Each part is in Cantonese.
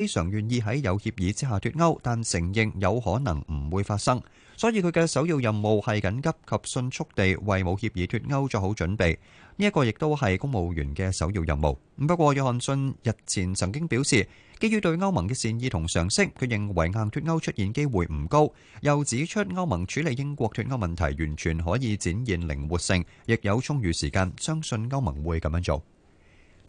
非常願意喺有協議之下脱歐，但承認有可能唔會發生，所以佢嘅首要任務係緊急及迅速地為冇協議脱歐做好準備。呢一個亦都係公務員嘅首要任務。不過，約翰遜日前曾經表示，基於對歐盟嘅善意同常識，佢認為硬脱歐出現機會唔高。又指出，歐盟處理英國脱歐問題完全可以展現靈活性，亦有充裕時間，相信歐盟會咁樣做。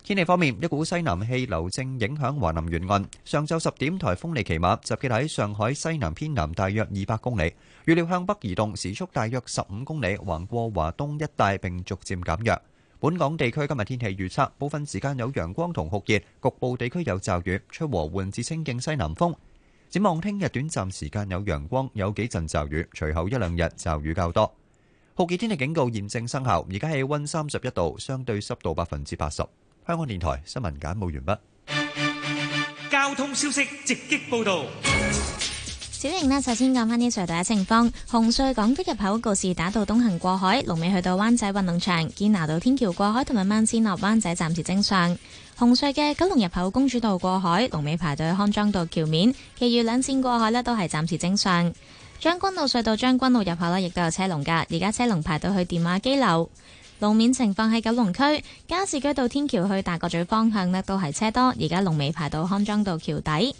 天氣方面，一股西南氣流正影響華南沿岸。上晝十點，颱風利奇馬集結喺上海西南偏南大約二百公里，預料向北移動，時速大約十五公里，橫過華東一帶，並逐漸減弱。本港地區今日天氣預測，部分時間有陽光同酷熱，局部地區有驟雨，吹和緩至清勁西南風。展望聽日短暫時間有陽光，有幾陣驟雨，隨後一兩日驟雨較多。酷熱天氣警告現正生效，而家氣溫三十一度，相對濕度百分之八十。香港電台新聞簡報完畢。交通消息直擊報道。小瑩咧，首先講翻啲隧道嘅情況。紅隧港島入口告士打道東行過海，龍尾去到灣仔運動場；堅拿道天橋過海同埋慢線落灣仔，暫時正常。紅隧嘅九龍入口公主道過海，龍尾排隊去康莊道橋面；其餘兩線過海咧都係暫時正常。將軍路隧道將軍路入口咧亦都有車龍噶，而家車龍排到去電話機樓。路面情況喺九龍區加士居道天橋去大角咀方向呢，都係車多，而家龍尾排到康莊道橋底。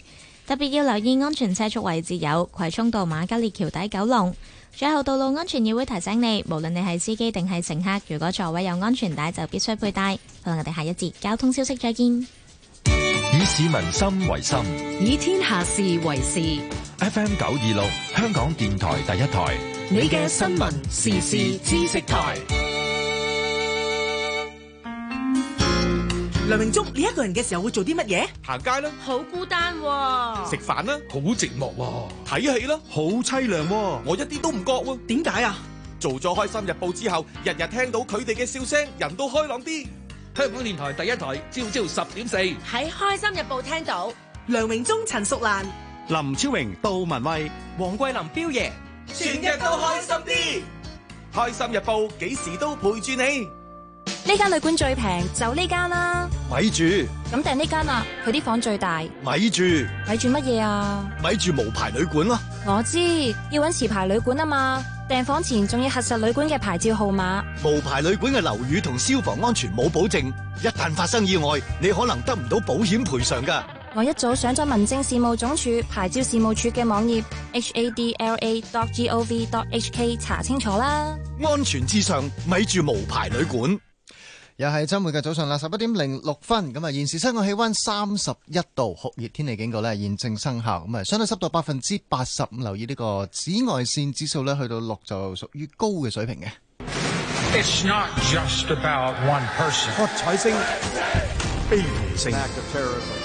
特別要留意安全車速位置有葵涌道馬吉列橋底九龍。最後，道路安全議會提醒你，無論你係司機定係乘客，如果座位有安全帶就必須佩戴。好啦，我哋下一節交通消息再見。以市民心為心，以天下事為事。FM 九二六，香港電台第一台，你嘅新聞時事知識台。梁榮忠，你一個人嘅時候會做啲乜嘢？行街啦，好孤單；食飯啦，好寂寞；睇戲啦，好凄涼。我一啲都唔覺喎，點解啊？做咗《開心日報》之後，日日聽到佢哋嘅笑聲，人都開朗啲。香港電台第一台，朝朝十點四，喺《開心日報》聽到梁榮忠、陳淑蘭、林超榮、杜文蔚、黃桂林、彪爺，全日都開心啲，《開心日報》幾時都陪住你。呢間旅館最平，就呢間啦。咪住，咁訂呢間啦，啊，佢啲房最大。咪住，咪住乜嘢啊？咪住無牌旅館咯，啊。我知，要揾持牌旅館啊嘛。訂房前仲要核實旅館嘅牌照號碼。無牌旅館嘅樓宇同消防安全冇保證，一旦發生意外，你可能得唔到保險賠償噶。我一早上咗民政事務總署牌照事務處嘅網頁 hadla.gov.hk 查清楚啦。安全至上，咪住無牌旅館。又係周末嘅早上啦，十一點零六分，咁啊，現時室外氣温三十一度，酷熱天氣警告呢現正生效，咁啊，相對濕度百分之八十五。留意呢個紫外線指數呢，去到六，就屬於高嘅水平嘅。It's not just about one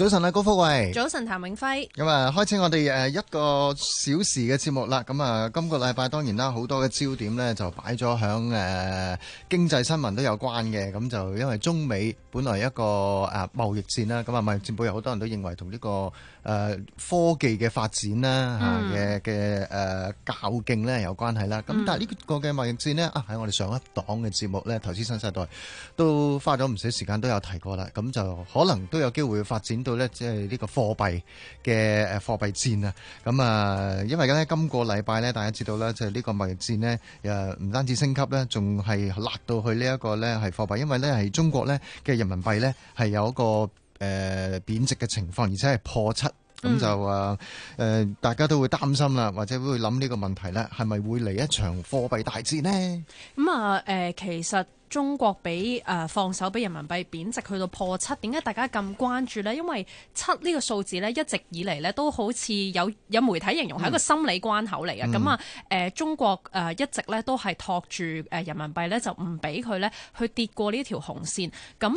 早晨啊，高福慧。早晨，譚永輝。咁啊，開始我哋誒一個小時嘅節目啦。咁啊，今個禮拜當然啦，好多嘅焦點咧，就擺咗響誒經濟新聞都有關嘅。咁就因為中美本來一個誒貿易戰啦，咁啊貿易戰背後好多人都認為同呢個誒科技嘅發展啦吓嘅嘅誒較勁咧有關係啦。咁但係呢個嘅貿易戰咧啊喺我哋上一檔嘅節目咧，投資新世代都花咗唔少時間都有提過啦。咁就可能都有機會發展到。即係呢個貨幣嘅誒貨幣戰啊，咁啊，因為咧今個禮拜咧，大家知道咧，就係呢個貿易戰呢，誒唔單止升級咧，仲係辣到去呢一個咧係貨幣，因為咧係中國咧嘅人民幣咧係有一個誒貶值嘅情況，而且係破七，咁就啊誒，大家都會擔心啦，或者會諗呢個問題咧，係咪會嚟一場貨幣大戰呢？咁啊誒，其實。中國俾誒、呃、放手俾人民幣貶值去到破七，點解大家咁關注呢？因為七呢個數字呢，一直以嚟呢都好似有有媒體形容係一個心理關口嚟嘅。咁、嗯、啊誒、呃，中國誒、呃、一直呢都係托住誒人民幣呢，就唔俾佢呢去跌過呢一條紅線。咁誒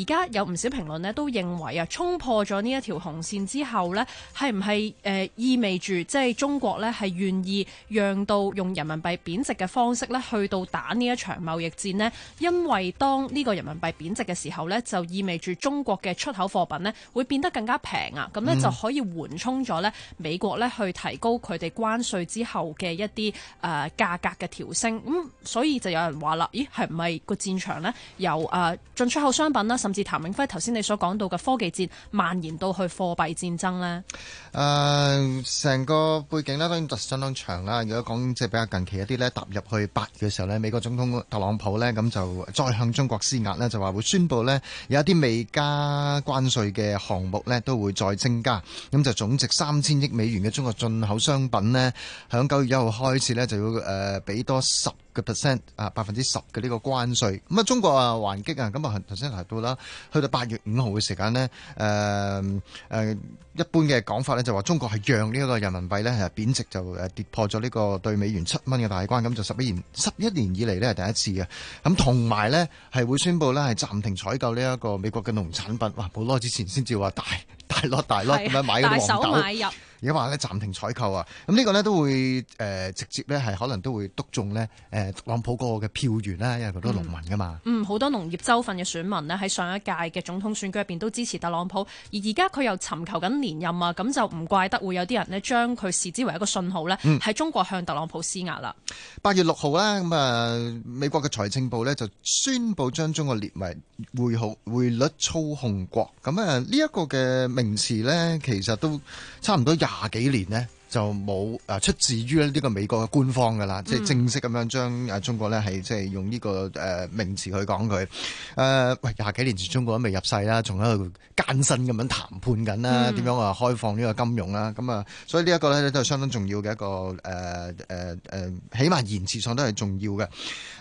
而家有唔少評論呢，都認為啊，衝破咗呢一條紅線之後呢，係唔係誒意味住即係中國呢係願意讓到用人民幣貶值嘅方式呢，去到打呢一場貿易戰呢？因為當呢個人民幣貶值嘅時候呢，就意味住中國嘅出口貨品呢會變得更加平啊，咁呢就可以緩衝咗呢美國呢去提高佢哋關稅之後嘅一啲誒、呃、價格嘅調升，咁、嗯、所以就有人話啦，咦係唔係個戰場咧，由誒、呃、進出口商品啦，甚至譚永輝頭先你所講到嘅科技戰蔓延到去貨幣戰爭呢？呃，誒，成個背景呢當然就相當長啦。如果講即係比較近期一啲呢，踏入去八月嘅時候呢，美國總統特朗普呢。咁就再向中國施壓咧，就話會宣布咧，有一啲未加關稅嘅項目咧，都會再增加。咁就總值三千億美元嘅中國進口商品咧，響九月一號開始咧，就要誒俾、呃、多十嘅 percent 啊，百分之十嘅呢個關稅，咁啊中國啊還擊啊，咁啊頭先提到啦，去到八月五號嘅時間呢，誒誒一般嘅講法咧就話中國係讓呢一個人民幣咧係貶值，就誒跌破咗呢個對美元七蚊嘅大關，咁就十一年十一年以嚟呢係第一次嘅。咁同埋咧係會宣布咧係暫停採購呢一個美國嘅農產品，哇！好耐之前先至話大，大落大落，咁樣買黃豆。大手買入。而話咧暫停採購啊，咁呢個咧都會誒、呃、直接咧係可能都會篤中呢誒、呃、特朗普個嘅票源啦，因為好多農民噶嘛。嗯，好、嗯、多農業州份嘅選民呢，喺上一屆嘅總統選舉入邊都支持特朗普，而而家佢又尋求緊連任啊，咁就唔怪得會有啲人呢將佢視之為一個信號呢，喺中國向特朗普施壓啦。八、嗯、月六號呢，咁、嗯、啊美國嘅財政部呢就宣布將中國列為匯兌匯率操控國，咁啊呢一個嘅名詞呢，其實都差唔多廿廿幾年咧？就冇啊，出自於呢個美國嘅官方㗎啦，即、嗯、正式咁樣將啊中國呢係即係用呢個名詞去講佢喂，廿、呃、幾年前中國都未入世啦，仲喺度艱辛咁樣談判緊啦，點、嗯、樣話開放呢個金融啦？咁啊，所以呢一個呢都係相當重要嘅一個、呃呃、起碼言辭上都係重要嘅。誒、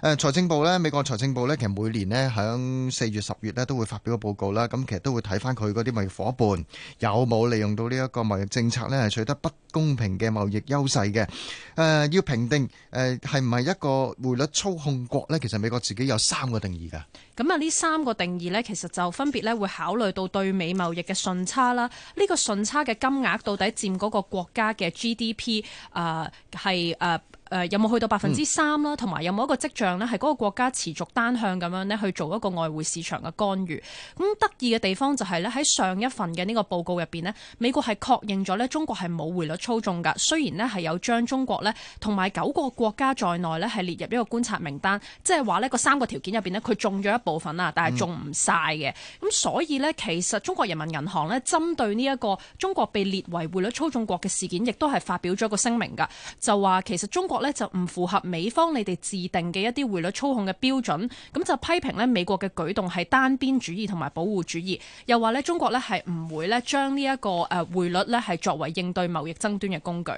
呃、財政部呢，美國財政部呢，其實每年呢響四月十月呢都會發表個報告啦，咁其實都會睇翻佢嗰啲貿易伙伴有冇利用到呢一個貿易政策呢，係取得不公平平嘅貿易優勢嘅，誒、呃，要評定誒係唔係一個匯率操控國呢？其實美國自己有三個定義噶。咁啊，呢三個定義呢，其實就分別咧會考慮到對美貿易嘅順差啦，呢、呢個順差嘅金額到底佔嗰個國家嘅 GDP 啊係誒。誒有冇去到百分之三啦，同埋有冇一個跡象咧，係嗰個國家持續單向咁樣咧去做一個外匯市場嘅干預。咁得意嘅地方就係咧喺上一份嘅呢個報告入邊咧，美國係確認咗咧中國係冇匯率操縱㗎，雖然咧係有將中國咧同埋九個國家在內咧係列入一個觀察名單，即係話咧嗰三個條件入邊咧佢中咗一部分啊，但係中唔晒嘅。咁、嗯、所以咧其實中國人民銀行咧針對呢一個中國被列為匯率操縱國嘅事件，亦都係發表咗一個聲明㗎，就話其實中國，咧就唔符合美方你哋制定嘅一啲匯率操控嘅標準，咁就批評咧美國嘅舉動係單邊主義同埋保護主義，又話咧中國咧係唔會咧將呢一個誒匯率咧係作為應對貿易爭端嘅工具。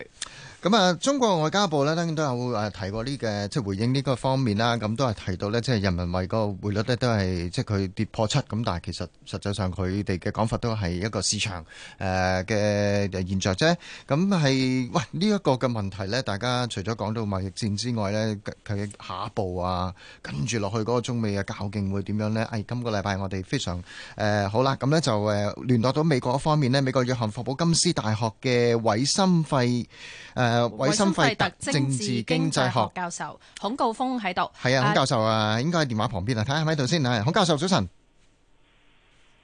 咁啊，中國外交部咧當然都有誒提過呢個即係回應呢個方面啦。咁都係提到咧，即係人民幣個匯率咧都係即係佢跌破七咁。但係其實實際上佢哋嘅講法都係一個市場誒嘅現象啫。咁係喂呢一個嘅問題咧，大家除咗講到貿易戰之外咧，佢下一步啊，跟住落去嗰個中美嘅較勁會點樣咧？誒，今個禮拜我哋非常誒好啦，咁咧就誒聯絡到美國方面咧，美國約翰霍普金斯大學嘅韋森費誒。誒，韋心費特政治經濟學教授孔高峰喺度，係啊，孔教授啊，應該喺電話旁邊啊，睇下係咪喺度先啊，孔教授早晨。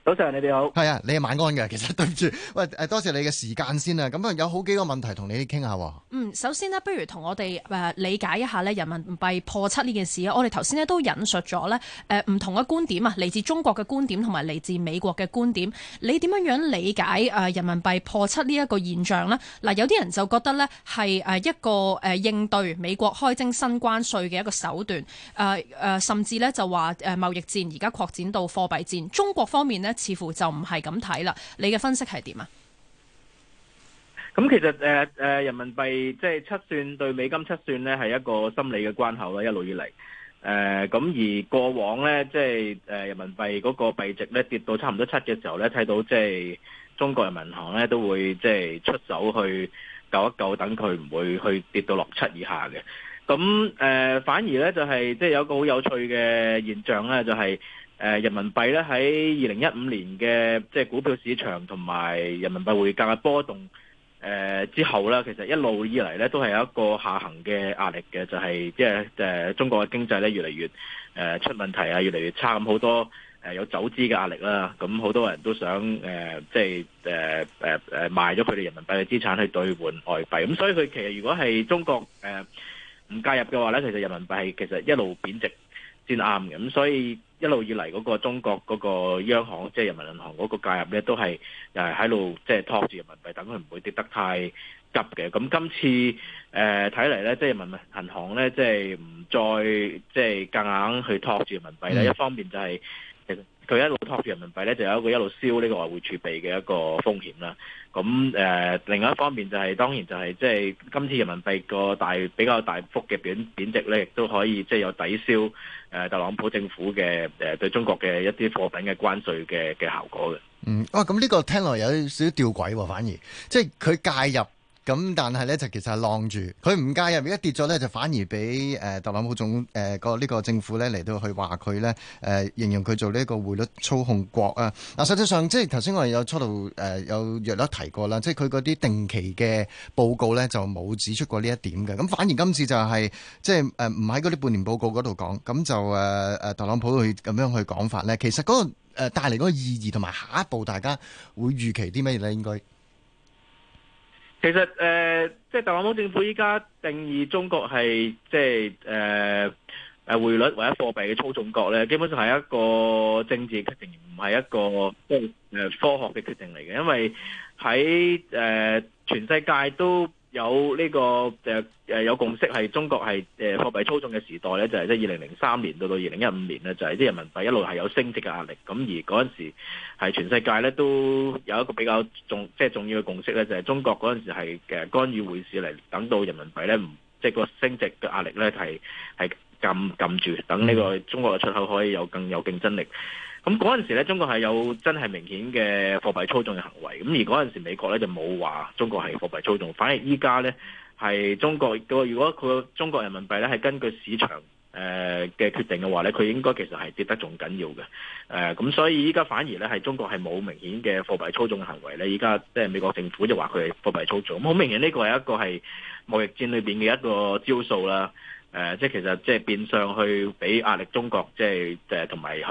早上，你哋好。係啊，你係晚安嘅，其實對唔住。喂，誒，多謝你嘅時間先啊。咁有好幾個問題同你傾下。嗯，首先不如同我哋誒理解一下人民幣破七呢件事啊。我哋頭先都引述咗咧，誒唔同嘅觀點啊，嚟自中國嘅觀點同埋嚟自美國嘅觀點。你點樣樣理解誒人民幣破七呢一個現象？嗱，有啲人就覺得咧係誒一個誒應對美國開徵新關稅嘅一個手段。誒誒，甚至咧就話誒貿易戰而家擴展到貨幣戰。中國方面呢似乎就唔係咁睇啦，你嘅分析係點啊？咁其實誒誒，人民幣即係七算對美金七算咧，係一個心理嘅關口啦，一路以嚟誒，咁而過往咧，即係誒，人民幣嗰個幣值咧跌到差唔多七嘅時候咧，睇到即係中國人民銀行咧都會即係出手去救一救，等佢唔會去跌到六七以下嘅。咁誒，反而咧就係即係有個好有趣嘅現象咧，就是，就係。誒人民幣咧喺二零一五年嘅即係股票市場同埋人民幣匯價嘅波動誒之後啦，其實一路以嚟咧都係有一個下行嘅壓力嘅，就係即係誒中國嘅經濟咧越嚟越誒出問題啊，越嚟越差咁，好多誒有走資嘅壓力啦，咁好多人都想誒即係誒誒誒賣咗佢哋人民幣嘅資產去兌換外幣，咁所以佢其實如果係中國誒唔介入嘅話咧，其實人民幣係其實一路貶值先啱嘅，咁所以。一路以嚟嗰個中國嗰個央行即係人民銀行嗰個介入咧，都係誒喺度即係托住人民幣，等佢唔會跌得太急嘅。咁今次誒睇嚟咧，即係人民銀行咧，即係唔再即係夾硬去托住人民幣啦。一方面就係，佢一路托住人民幣咧，就有一個一路燒呢個外匯儲備嘅一個風險啦。咁、嗯、誒，另外一方面就係、是、當然就係即係今次人民幣個大比較大幅嘅貶貶值咧，亦都可以即係有抵消誒特朗普政府嘅誒、呃、對中國嘅一啲貨品嘅關稅嘅嘅效果嘅。嗯，哇！咁、嗯、呢、嗯這個聽落有少少吊詭喎，反而即係佢介入。咁但係咧，就其實係晾住，佢唔介入。一跌咗咧，就反而俾誒、呃、特朗普總誒個呢個政府咧嚟到去話佢咧誒，形容佢做呢個匯率操控國啊！嗱，實際上即係頭先我哋有初度誒、呃、有約略提過啦，即係佢嗰啲定期嘅報告咧就冇指出過呢一點嘅。咁反而今次就係、是、即係誒唔喺嗰啲半年報告嗰度講，咁就誒誒、呃、特朗普去咁樣去講法咧。其實嗰個誒帶嚟嗰個意義同埋下一步大家會預期啲咩嘢咧？應該？其實誒、呃，即係特朗普政府依家定義中國係即係誒誒匯率或者貨幣嘅操縱國咧，基本上係一個政治的決定，唔係一個即係誒科學嘅決定嚟嘅，因為喺誒、呃、全世界都。有呢、這個誒誒有共識係中國係誒貨幣操縱嘅時代咧，就係即二零零三年到到二零一五年咧，就係、是、啲人民幣一路係有升值嘅壓力。咁而嗰陣時係全世界咧都有一個比較重即係、就是、重要嘅共識咧，就係、是、中國嗰陣時係誒幹預匯市嚟等到人民幣咧唔即係個升值嘅壓力咧係係撳撳住，等呢個中國嘅出口可以有更有競爭力。咁嗰陣時咧，中國係有真係明顯嘅貨幣操縱嘅行為。咁而嗰陣時美國咧就冇話中國係貨幣操縱，反而依家咧係中國個如果佢中國人民幣咧係根據市場誒嘅決定嘅話咧，佢應該其實係跌得仲緊要嘅。誒咁所以依家反而咧係中國係冇明顯嘅貨幣操縱嘅行為咧。依家即係美國政府就話佢係貨幣操縱，好明顯呢個係一個係貿易戰裏邊嘅一個招數啦。誒、呃，即係其實即係變相去俾壓力中國，即係同埋去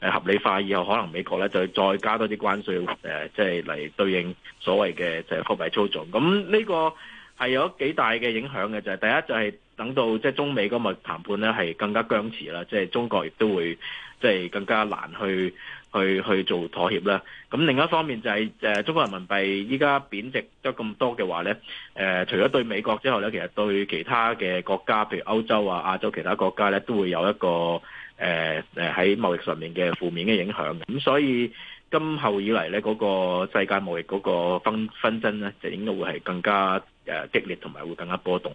合理化以後，可能美國咧就再加多啲關稅，即係嚟對應所謂嘅就貨、是、幣操縱。咁呢個係有幾大嘅影響嘅，就係、是、第一就係等到即、就是、中美今日談判咧，係更加僵持啦，即、就、係、是、中國亦都會即係、就是、更加難去。去去做妥協啦。咁另一方面就係誒中國人民幣依家貶值得咁多嘅話咧，誒除咗對美國之後咧，其實對其他嘅國家，譬如歐洲啊、亞洲其他國家咧，都會有一個誒誒喺貿易上面嘅負面嘅影響。咁所以今後以嚟咧，嗰個世界貿易嗰個紛紛爭咧，就應該會係更加誒激烈，同埋會更加波動。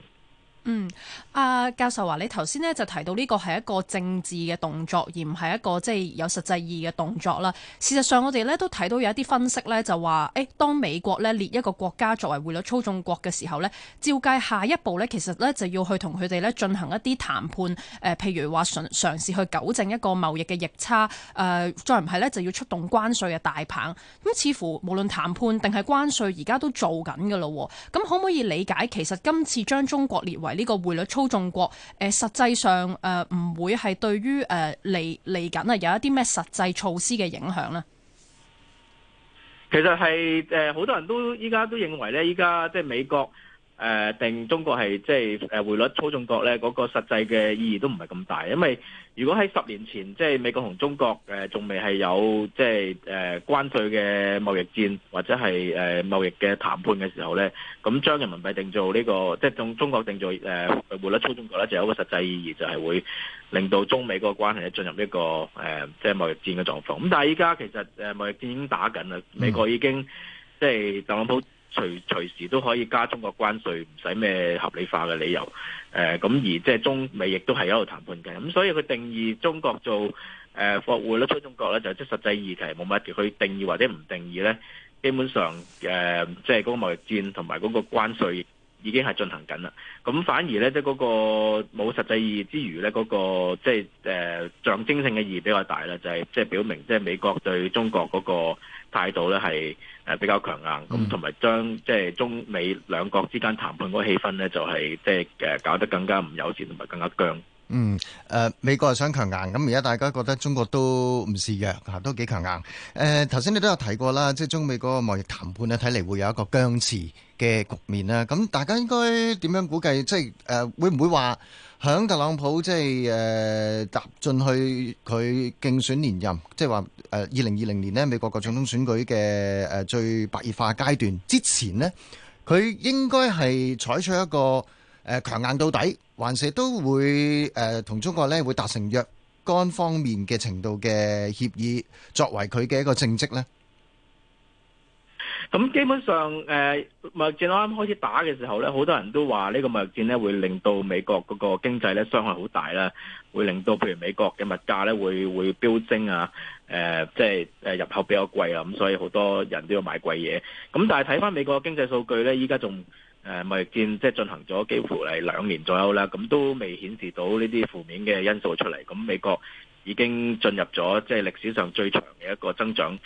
嗯，啊教授話你頭先呢，就提到呢個係一個政治嘅動作，而唔係一個即係有實際意義嘅動作啦。事實上，我哋呢都睇到有一啲分析呢，就話，誒，當美國呢列一個國家作為匯率操縱國嘅時候呢，照計下一步呢，其實呢就要去同佢哋呢進行一啲談判，誒、呃，譬如話嘗試去糾正一個貿易嘅逆差，誒、呃，再唔係呢就要出動關稅嘅大棒。咁似乎無論談判定係關稅，而家都在做緊噶咯。咁可唔可以理解，其實今次將中國列為呢個匯率操縱國，誒實際上誒唔會係對於嚟嚟緊啊有一啲咩實際措施嘅影響咧。其實係誒好多人都依家都認為咧，依家即係美國。誒、呃、定中國係即係誒匯率操縱國咧，嗰、那個實際嘅意義都唔係咁大，因為如果喺十年前，即係美國同中國誒仲未係有，有即係誒、呃、關稅嘅貿易戰或者係誒、呃、貿易嘅談判嘅時候咧，咁將人民幣定做呢、這個即係中中國定做誒匯、呃、率操縱國咧，就有個實際意義，就係會令到中美嗰個關係咧進入呢、這個誒、呃、即係貿易戰嘅狀況。咁但係依家其實誒、呃、貿易戰已經打緊啦，美國已經即係特朗普。隨隨時都可以加中國關稅，唔使咩合理化嘅理由。誒、呃，咁而即係中美亦都係一路談判嘅。咁、嗯、所以佢定義中國做誒貨幣咧，對、呃、中國咧就即係實際議題冇乜嘅。佢定義或者唔定義咧，基本上誒即係嗰個貿易戰同埋嗰個關稅已經係進行緊啦。咁、嗯、反而咧即係嗰個冇實際意義之餘咧，嗰、那個即係誒象徵性嘅意義比較大啦，就係即係表明即係、就是、美國對中國嗰、那個。態度咧係誒比較強硬，咁同埋將即係中美兩國之間談判嗰個氣氛咧，就係即係誒搞得更加唔友善同埋更加僵。嗯，誒美國係想強硬，咁而家大家覺得中國都唔示弱嚇，都幾強硬。誒頭先你都有提過啦，即係中美嗰個貿易談判咧，睇嚟會有一個僵持嘅局面啦。咁大家應該點樣估計？即係誒會唔會話響特朗普即係誒踏進去佢競選連任？即係話。誒、呃，二零二零年咧，美國個總統選舉嘅，誒、呃、最白熱化階段之前咧，佢應該係採取一個誒強、呃、硬到底，還是都會誒同、呃、中國咧會達成若干方面嘅程度嘅協議，作為佢嘅一個政績咧。咁基本上，誒、呃，貿戰啱啱開始打嘅時候咧，好多人都話呢個貿戰咧會令到美國嗰個經濟咧傷害好大啦，會令到譬如美國嘅物價咧會會飆升啊，誒、呃，即、就、係、是、入口比較貴啊，咁所以好多人都要買貴嘢。咁但係睇翻美國經濟數據咧，依家仲誒貿戰即係、就是、進行咗幾乎係兩年左右啦，咁都未顯示到呢啲負面嘅因素出嚟。咁美國已經進入咗即係歷史上最長嘅一個增長。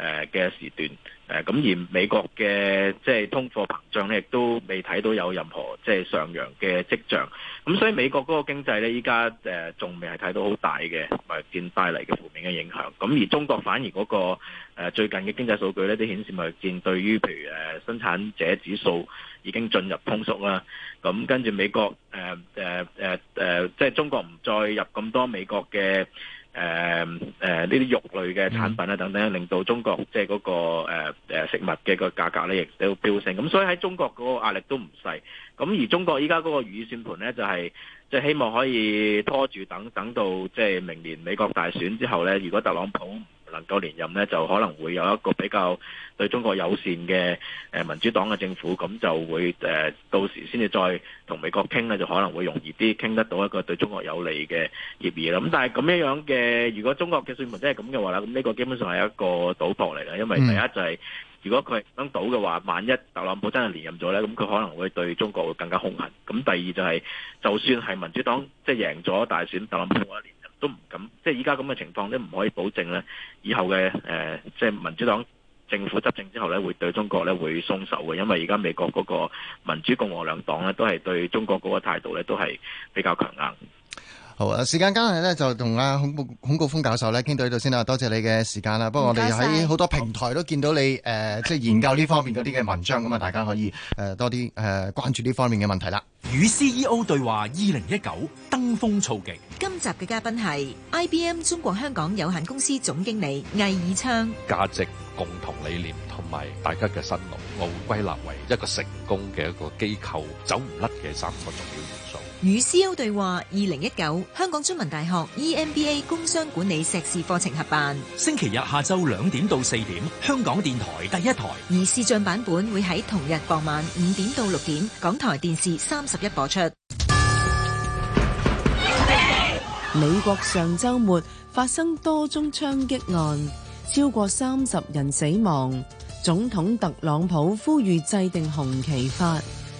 誒嘅時段，誒咁而美國嘅即係通貨膨脹咧，亦都未睇到有任何即係上揚嘅跡象。咁所以美國嗰個經濟咧，依家誒仲未係睇到好大嘅貿戰帶嚟嘅負面嘅影響。咁而中國反而嗰個誒最近嘅經濟數據咧，都顯示貿戰對於譬如誒生產者指數已經進入通縮啦。咁跟住美國誒誒誒誒，即係中國唔再入咁多美國嘅。誒誒呢啲肉類嘅產品啦等等，令到中國即係嗰個誒、呃、食物嘅個價格咧，亦都飆升。咁所以喺中國嗰個壓力都唔細。咁而中國依家嗰個如意算盤咧，就係即係希望可以拖住，等等到即係、就是、明年美國大選之後咧，如果特朗普能夠連任咧，就可能會有一個比較對中國友善嘅誒民主黨嘅政府，咁就會誒到時先至再同美國傾咧，就可能會容易啲傾得到一個對中國有利嘅協議啦。咁但係咁樣樣嘅，如果中國嘅選民真係咁嘅話啦，咁呢個基本上係一個賭博嚟啦。因為第一就係如果佢係咁賭嘅話，萬一特朗普真係連任咗咧，咁佢可能會對中國會更加兇狠。咁第二就係就算係民主黨即係贏咗大選，特朗普，都唔敢，即係依家咁嘅情況，都唔可以保證咧。以後嘅誒，即、呃、係、就是、民主黨政府執政之後咧，會對中國咧會鬆手嘅，因為而家美國嗰個民主共和兩黨咧，都係對中國嗰個態度咧，都係比較強硬。好啊！時間關係咧，就同阿孔孔高峰教授咧，傾到呢度先啦。多謝你嘅時間啦。不過我哋喺好多平台都見到你誒，即係、呃、研究呢方面嗰啲嘅文章咁啊，大家可以誒多啲誒關注呢方面嘅問題啦。與 C E O 對話二零一九登峰造極，今集嘅嘉賓係 I B M 中國香港有限公司總經理魏以昌。價值、共同理念同埋大家嘅心路，我會歸納為一個成功嘅一個機構走唔甩嘅三個重要元素。與 C.O 對話，二零一九香港中文大學 E.M.B.A 工商管理碩士課程合辦。星期日下晝兩點到四點，香港電台第一台。而視像版本會喺同日傍晚五點到六點，港台電視三十一播出。美國上週末發生多宗槍擊案，超過三十人死亡。總統特朗普呼籲制定《紅旗法》。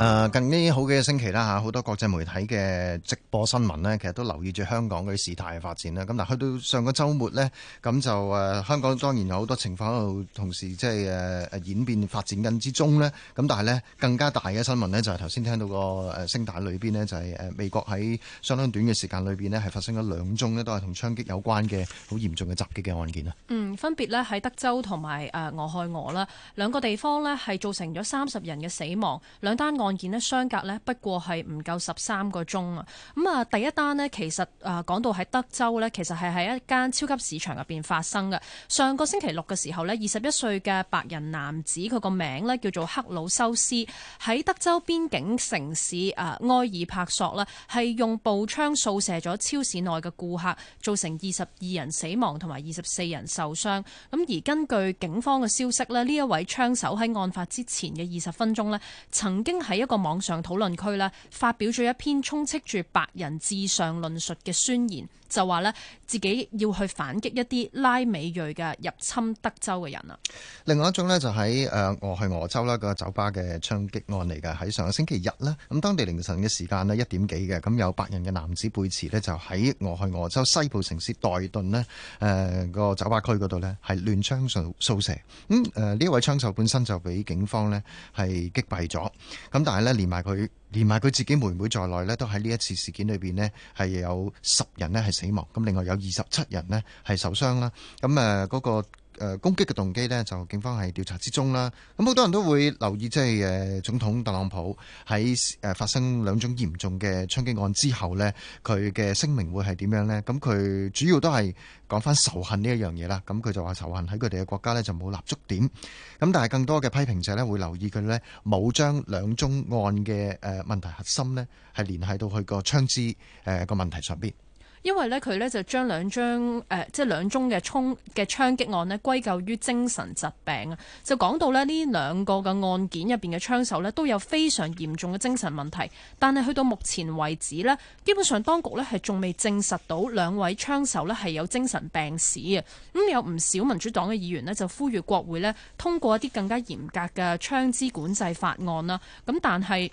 誒近呢好幾個星期啦嚇，好多國際媒體嘅直播新聞呢，其實都留意住香港嗰啲事態嘅發展啦。咁但去到上個週末呢，咁就誒香港當然有好多情況喺度同時即係誒演變發展緊之中呢。咁但係呢，更加大嘅新聞呢，就係頭先聽到個誒聲帶裏邊呢，就係誒美國喺相當短嘅時間裏邊呢，係發生咗兩宗呢，都係同槍擊有關嘅好嚴重嘅襲擊嘅案件啦。嗯，分別呢，喺德州同埋誒俄亥俄啦兩個地方呢，係造成咗三十人嘅死亡，兩單案。案件呢相隔呢，不過係唔夠十三個鐘啊，咁啊第一單呢，其實啊講到喺德州呢，其實係喺一間超級市場入邊發生嘅。上個星期六嘅時候呢，二十一歲嘅白人男子，佢個名呢叫做克魯修斯，喺德州邊境城市啊埃爾帕索啦，係用步槍掃射咗超市內嘅顧客，造成二十二人死亡同埋二十四人受傷。咁而根據警方嘅消息呢，呢一位槍手喺案發之前嘅二十分鐘呢，曾經喺一個網上討論區啦，發表咗一篇充斥住白人至上論述嘅宣言。就話咧，自己要去反擊一啲拉美裔嘅入侵德州嘅人啦。另外一種呢，就喺誒俄亥俄州啦，個酒吧嘅槍擊案嚟嘅，喺上個星期日呢，咁當地凌晨嘅時間呢，一點幾嘅，咁有白人嘅男子貝茨呢，就喺俄亥俄州西部城市代頓呢，誒個酒吧區嗰度咧係亂槍掃射。咁誒呢位槍手本身就俾警方呢係擊斃咗。咁但係呢，連埋佢。連埋佢自己妹妹在內呢都喺呢一次事件裏邊，呢係有十人呢係死亡，咁另外有二十七人呢係受傷啦。咁誒嗰個。誒攻擊嘅動機呢，就警方係調查之中啦。咁好多人都會留意，即係誒總統特朗普喺誒發生兩宗嚴重嘅槍擊案之後呢，佢嘅聲明會係點樣呢？咁佢主要都係講返仇恨呢一樣嘢啦。咁佢就話仇恨喺佢哋嘅國家呢就冇立足點。咁但係更多嘅批評者呢會留意佢呢冇將兩宗案嘅誒問題核心呢係聯繫到佢個槍支誒個問題上面。因為咧，佢呢就將兩張誒、呃，即係兩宗嘅衝嘅槍擊案咧，歸咎於精神疾病啊！就講到咧，呢兩個嘅案件入邊嘅槍手咧，都有非常嚴重嘅精神問題，但係去到目前為止咧，基本上當局咧係仲未證實到兩位槍手咧係有精神病史嘅。咁有唔少民主黨嘅議員咧，就呼籲國會咧通過一啲更加嚴格嘅槍支管制法案啦。咁但係，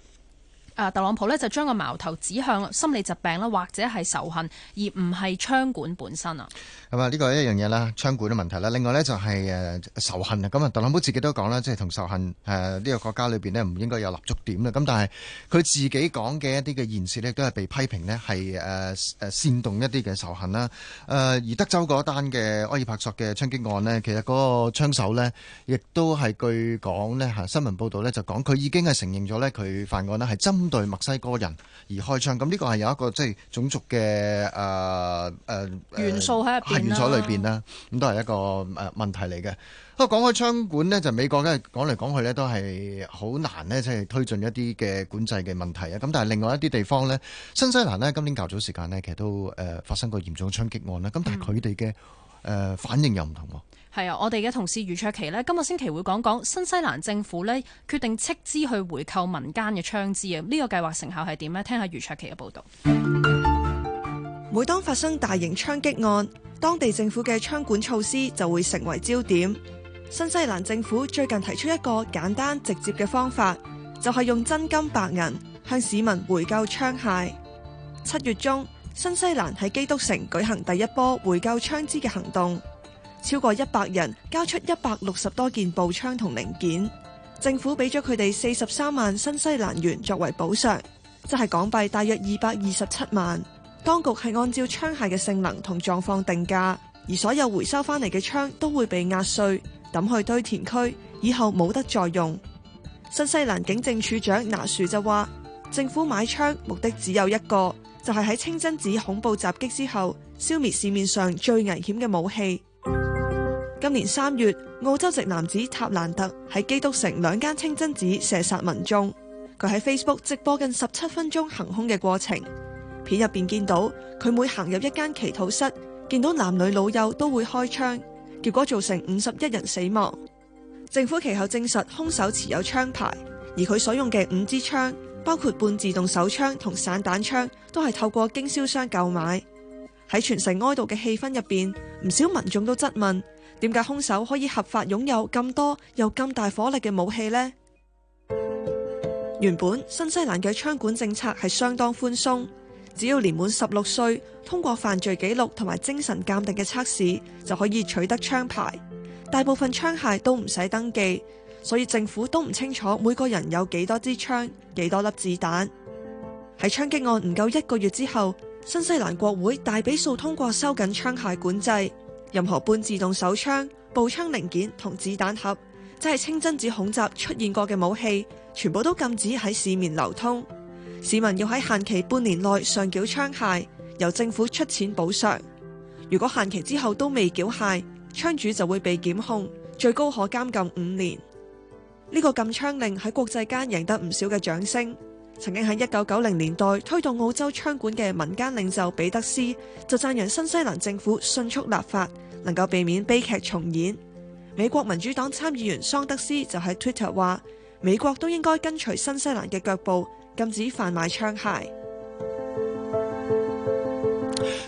誒，特朗普呢就將個矛頭指向心理疾病啦，或者係仇恨，而唔係槍管本身啊。係啊，呢個一樣嘢啦，槍管嘅問題啦。另外呢，就係誒仇恨啊。咁啊，特朗普自己都講啦，即係同仇恨誒呢個國家裏邊呢，唔應該有立足點啦。咁但係佢自己講嘅一啲嘅言詞呢，都係被批評呢，係誒誒煽動一啲嘅仇恨啦。誒而德州嗰單嘅埃爾帕索嘅槍擊案呢，其實嗰個槍手呢，亦都係據講呢，嚇新聞報導呢，就講佢已經係承認咗呢，佢犯案呢係真。對墨西哥人而開槍，咁呢個係有一個即係種族嘅誒誒元素喺入邊啦，喺在裏邊啦，咁都係一個誒問題嚟嘅。不過講開槍管呢，就美國呢講嚟講去呢，都係好難呢，即係推進一啲嘅管制嘅問題啊。咁但係另外一啲地方呢，新西蘭呢，今年較早時間呢，其實都誒發生過嚴重槍擊案啦。咁但係佢哋嘅誒反應又唔同。嗯係啊，我哋嘅同事余卓琪今個星期會講講新西蘭政府咧，決定斥資去回購民間嘅槍支啊。呢個計劃成效係點呢？聽下余卓琪嘅報道。每當發生大型槍擊案，當地政府嘅槍管措施就會成為焦點。新西蘭政府最近提出一個簡單直接嘅方法，就係用真金白銀向市民回購槍械。七月中，新西蘭喺基督城舉行第一波回購槍支嘅行動。超過一百人交出一百六十多件步槍同零件，政府俾咗佢哋四十三萬新西蘭元作為補償，即係港幣大約二百二十七萬。當局係按照槍械嘅性能同狀況定價，而所有回收翻嚟嘅槍都會被壓碎抌去堆填區，以後冇得再用。新西蘭警政處長拿樹就話，政府買槍目的只有一個，就係喺清真寺恐怖襲擊之後消滅市面上最危險嘅武器。今年三月，澳洲籍男子塔蘭特喺基督城兩間清真寺射殺民眾，佢喺 Facebook 直播近十七分鐘行凶嘅過程，片入邊見到佢每行入一間祈禱室，見到男女老幼都會開槍，結果造成五十一人死亡。政府其後證實，凶手持有槍牌，而佢所用嘅五支槍，包括半自動手槍同散彈槍，都係透過經銷商購買。喺全城哀悼嘅氣氛入邊，唔少民眾都質問。.點解凶手可以合法擁有咁多又咁大火力嘅武器呢？原本新西蘭嘅槍管政策係相當寬鬆，只要年滿十六歲，通過犯罪記錄同埋精神鑑定嘅測試，就可以取得槍牌。大部分槍械都唔使登記，所以政府都唔清楚每個人有幾多支槍、幾多粒子彈。喺槍擊案唔夠一個月之後，新西蘭國會大比數通過收緊槍械管制。任何半自動手槍、步槍零件同子彈盒，即係清真寺恐襲出現過嘅武器，全部都禁止喺市面流通。市民要喺限期半年內上繳槍械，由政府出錢補償。如果限期之後都未繳械，槍主就會被檢控，最高可監禁五年。呢個禁槍令喺國際間贏得唔少嘅掌聲。曾經喺一九九零年代推動澳洲槍管嘅民間領袖彼得斯就讚揚新西蘭政府迅速立法，能夠避免悲劇重演。美國民主黨參議員桑德斯就喺 Twitter 話，美國都應該跟隨新西蘭嘅腳步，禁止販賣槍械。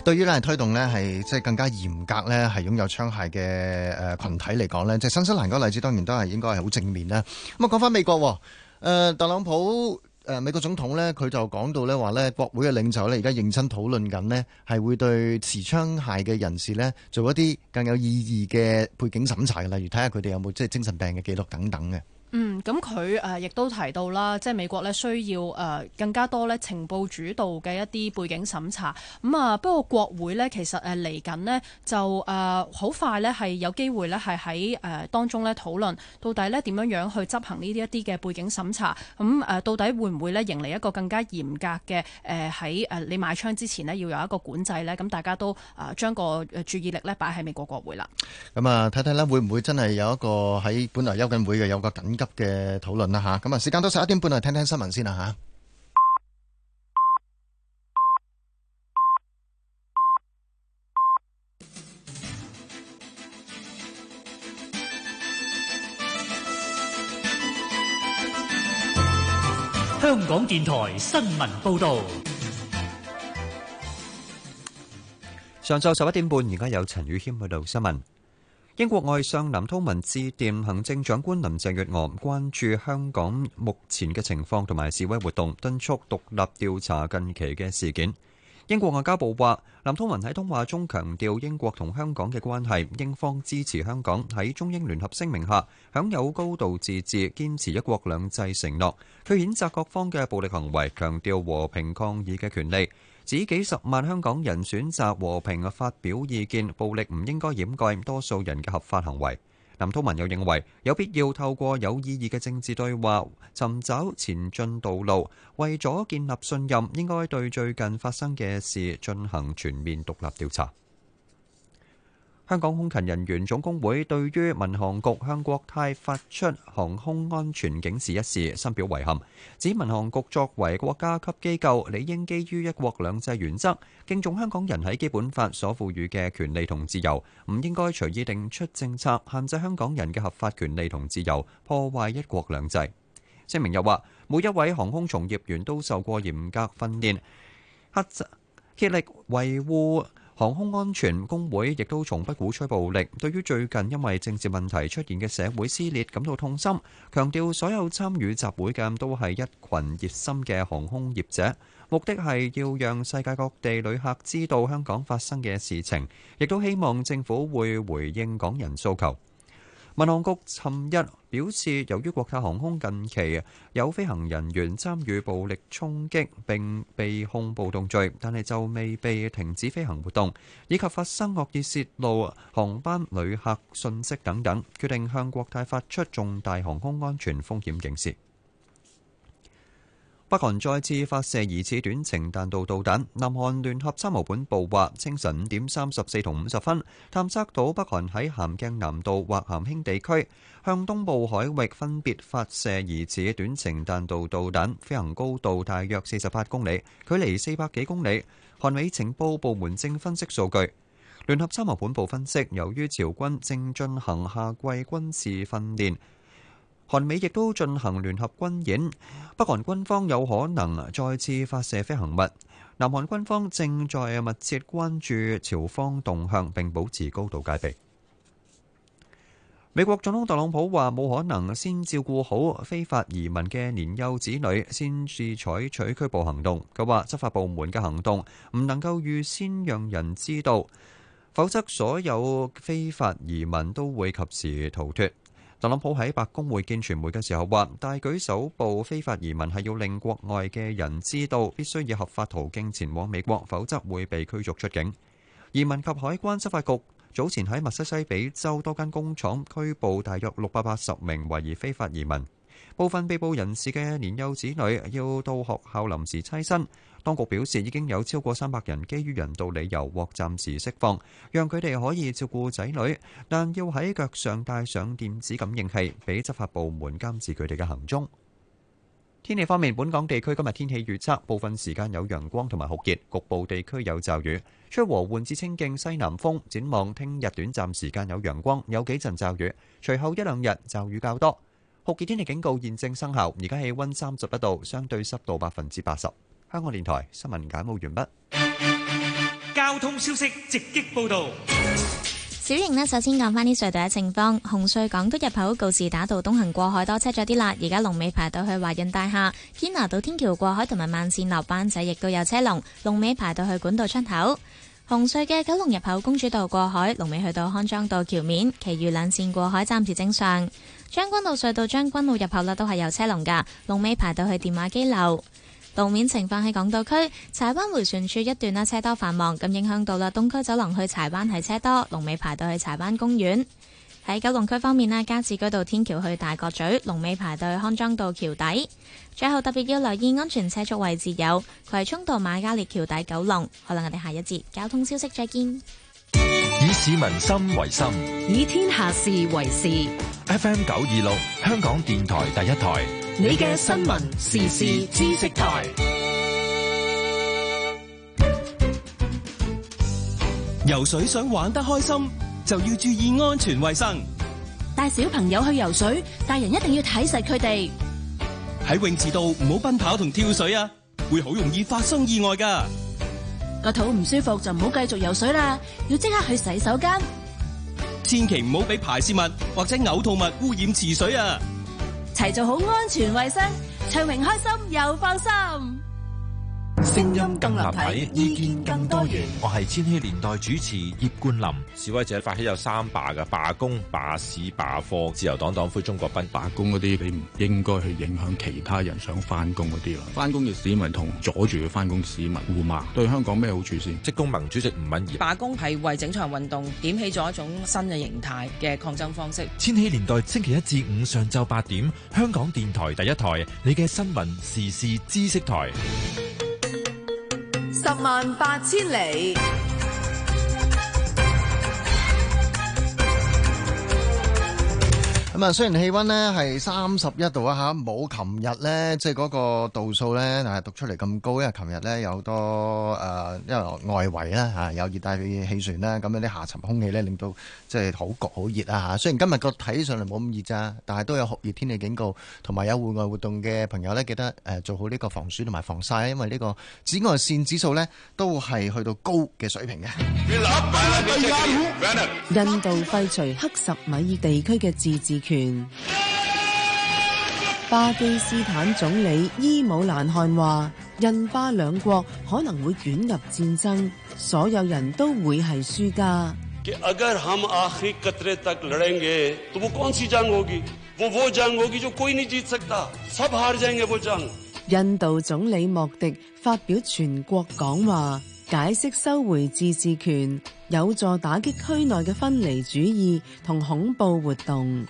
對於呢推動呢係即係更加嚴格呢係擁有槍械嘅誒群體嚟講呢，即係新西蘭嗰個例子，當然都係應該係好正面啦。咁啊，講返美國誒、呃，特朗普。誒美國總統咧，佢就講到咧話咧，國會嘅領袖咧，而家認真討論緊呢，係會對持槍械嘅人士呢做一啲更有意義嘅背景審查嘅，例如睇下佢哋有冇即係精神病嘅記錄等等嘅。嗯，咁佢誒亦都提到啦，即係美國咧需要誒更加多咧情報主導嘅一啲背景審查。咁啊，不過國會咧其實誒嚟緊，咧就誒好快咧係有機會咧係喺誒當中咧討論到底咧點樣樣去執行呢啲一啲嘅背景審查。咁誒到底會唔會咧迎嚟一個更加嚴格嘅誒喺誒你買槍之前咧要有一個管制咧？咁大家都誒將個注意力咧擺喺美國國會啦。咁啊睇睇咧會唔會真係有一個喺本來休緊會嘅有個緊。急嘅討論啦嚇，咁啊時間到十一點半啦，聽聽新聞先啦嚇。香港電台新聞報導，上晝十一點半，而家有陳宇軒去到新聞。英國外相藍韜文致電行政長官林鄭月娥，關注香港目前嘅情況同埋示威活動，敦促獨立調查近期嘅事件。英國外交部話，藍韜文喺通話中強調英國同香港嘅關係，英方支持香港喺中英聯合聲明下享有高度自治，堅持一國兩制承諾。佢譴責各方嘅暴力行為，強調和平抗議嘅權利。指幾十萬香港人選擇和平嘅發表意見，暴力唔應該掩蓋多數人嘅合法行為。藍韜文又認為有必要透過有意義嘅政治對話，尋找前進道路。為咗建立信任，應該對最近發生嘅事進行全面獨立調查。香港空勤人員總工會對於民航局向國泰發出航空安全警示一事深表遺憾，指民航局作為國家級機構，理應基於一國兩制原則，敬重香港人喺基本法所賦予嘅權利同自由，唔應該隨意定出政策限制香港人嘅合法權利同自由，破壞一國兩制。聲明又話，每一位航空從業員都受過嚴格訓練，竭力維護航空安全工會亦都從不鼓吹暴力，對於最近因為政治問題出現嘅社會撕裂感到痛心，強調所有參與集會嘅都係一群熱心嘅航空業者，目的係要讓世界各地旅客知道香港發生嘅事情，亦都希望政府會回應港人訴求。民航局尋日表示，由於國泰航空近期有飛行人員參與暴力衝擊並被控暴動罪，但係就未被停止飛行活動，以及發生惡意泄露航班旅客信息等等，決定向國泰發出重大航空安全風險警示。北韓再次發射疑似短程彈道導彈，南韓聯合參謀本部話，清晨五點三十四同五十分，探測到北韓喺咸鏡南道或咸興地區向東部海域分別發射疑似短程彈道導彈，飛行高度大約四十八公里，距離四百幾公里。韓美情報部門正分析數據，聯合參謀本部分析，由於朝軍正進行夏季軍事訓練。韓美亦都進行聯合軍演，北韓軍方有可能再次發射飛行物，南韓軍方正在密切關注朝方動向並保持高度戒備。美國總統特朗普話：冇可能先照顧好非法移民嘅年幼子女，先至採取拘捕行動。佢話執法部門嘅行動唔能夠預先讓人知道，否則所有非法移民都會及時逃脫。特朗普，喺白宮會見傳媒嘅時候話，大舉搜捕非法移民係要令國外的人知道必須以合法途徑前往美國，否則會被驅逐出境。移民及海關執法局，早前喺密西西比州多間工廠，拘捕大約680名懷疑非法移民。部分被捕人士嘅年幼子女要到學校臨時棲身。當局表示，已經有超過三百人基於人道理由獲暫時釋放，讓佢哋可以照顧仔女，但要喺腳上戴上電子感應器，俾執法部門監視佢哋嘅行蹤。天氣方面，本港地區今日天氣預測，部分時間有陽光同埋酷熱，局部地區有驟雨。吹和緩至清勁西南風，展望聽日短暫時間有陽光，有幾陣驟雨，隨後一兩日驟雨較多。酷熱天氣警告現正生效，而家氣溫三十一度，相對濕度百分之八十。香港電台新聞簡報完畢。交通消息直擊報道。小瑩呢，首先講翻啲隧道嘅情況。紅隧港島入口告士打道東行過海多車咗啲啦，而家龍尾排到去華潤大廈。堅拿道天橋過海同埋慢線落班仔亦都有車龍，龍尾排到去管道出口。紅隧嘅九龍入口公主道過海龍尾去到康莊道橋面，其餘兩線過海暫時正常。將軍澳隧道，將軍澳入口啦，都係有車龍噶，龍尾排到去電話機樓。路面情況喺港島區柴灣回旋處一段啦，車多繁忙，咁影響到啦東區走廊去柴灣係車多，龍尾排到去柴灣公園。喺九龍區方面咧，加士居道天橋去大角咀，龍尾排到去康莊道橋底。最後特別要留意安全車速位置有葵涌道瑪嘉烈橋底九龍。可能我哋下一節交通消息再見。以市民心為心，以天下事為事。FM 九二六，香港電台第一台，你嘅新聞時事知識台。游水想玩得開心，就要注意安全衛生。帶小朋友去游水，大人一定要睇實佢哋。喺泳池度唔好奔跑同跳水啊，會好容易發生意外㗎。個肚唔舒服就唔好繼續游水啦，要即刻去洗手間。千祈唔好俾排泄物或者嘔吐物污染池水啊！齊做好安全衛生，暢泳開心又放心。聲音更立體，意見更多元。我係千禧年代主持葉冠林。示威者發起有三罷嘅罷工、罷市、罷課。自由黨黨魁鍾國斌罷工嗰啲，你唔應該去影響其他人想翻工嗰啲啦。翻工嘅市民同阻住佢翻工市民互罵，對香港咩好處先？職工盟主席吳敏兒，罷工係為整場運動點起咗一種新嘅形態嘅抗爭方式。千禧年代星期一至五上晝八點，香港電台第一台，你嘅新聞時事知識台。十萬八千里。咁啊，雖然氣溫呢係三十一度啊，吓冇琴日呢即係個個度數咧，係讀出嚟咁高，因為琴日呢有多，誒因為外圍啦吓有熱帶氣旋啦，咁樣啲下沉空氣咧，令到即係好焗好熱啊吓。雖然今日個睇上嚟冇咁熱咋，但係都有酷熱天氣警告，同埋有戶外活動嘅朋友咧，記得誒做好呢個防暑同埋防曬啊，因為呢個紫外線指數咧都係去到高嘅水平嘅。Bernard, Bernard. 印度廢除克什米爾地區嘅自治。巴基斯坦總理伊姆蘭汗話：印巴兩國可能會捲入戰爭，所有人都會係輸家。印度總理莫迪發表全國講話。解釋收回自治權有助打擊區內嘅分離主義同恐怖活動。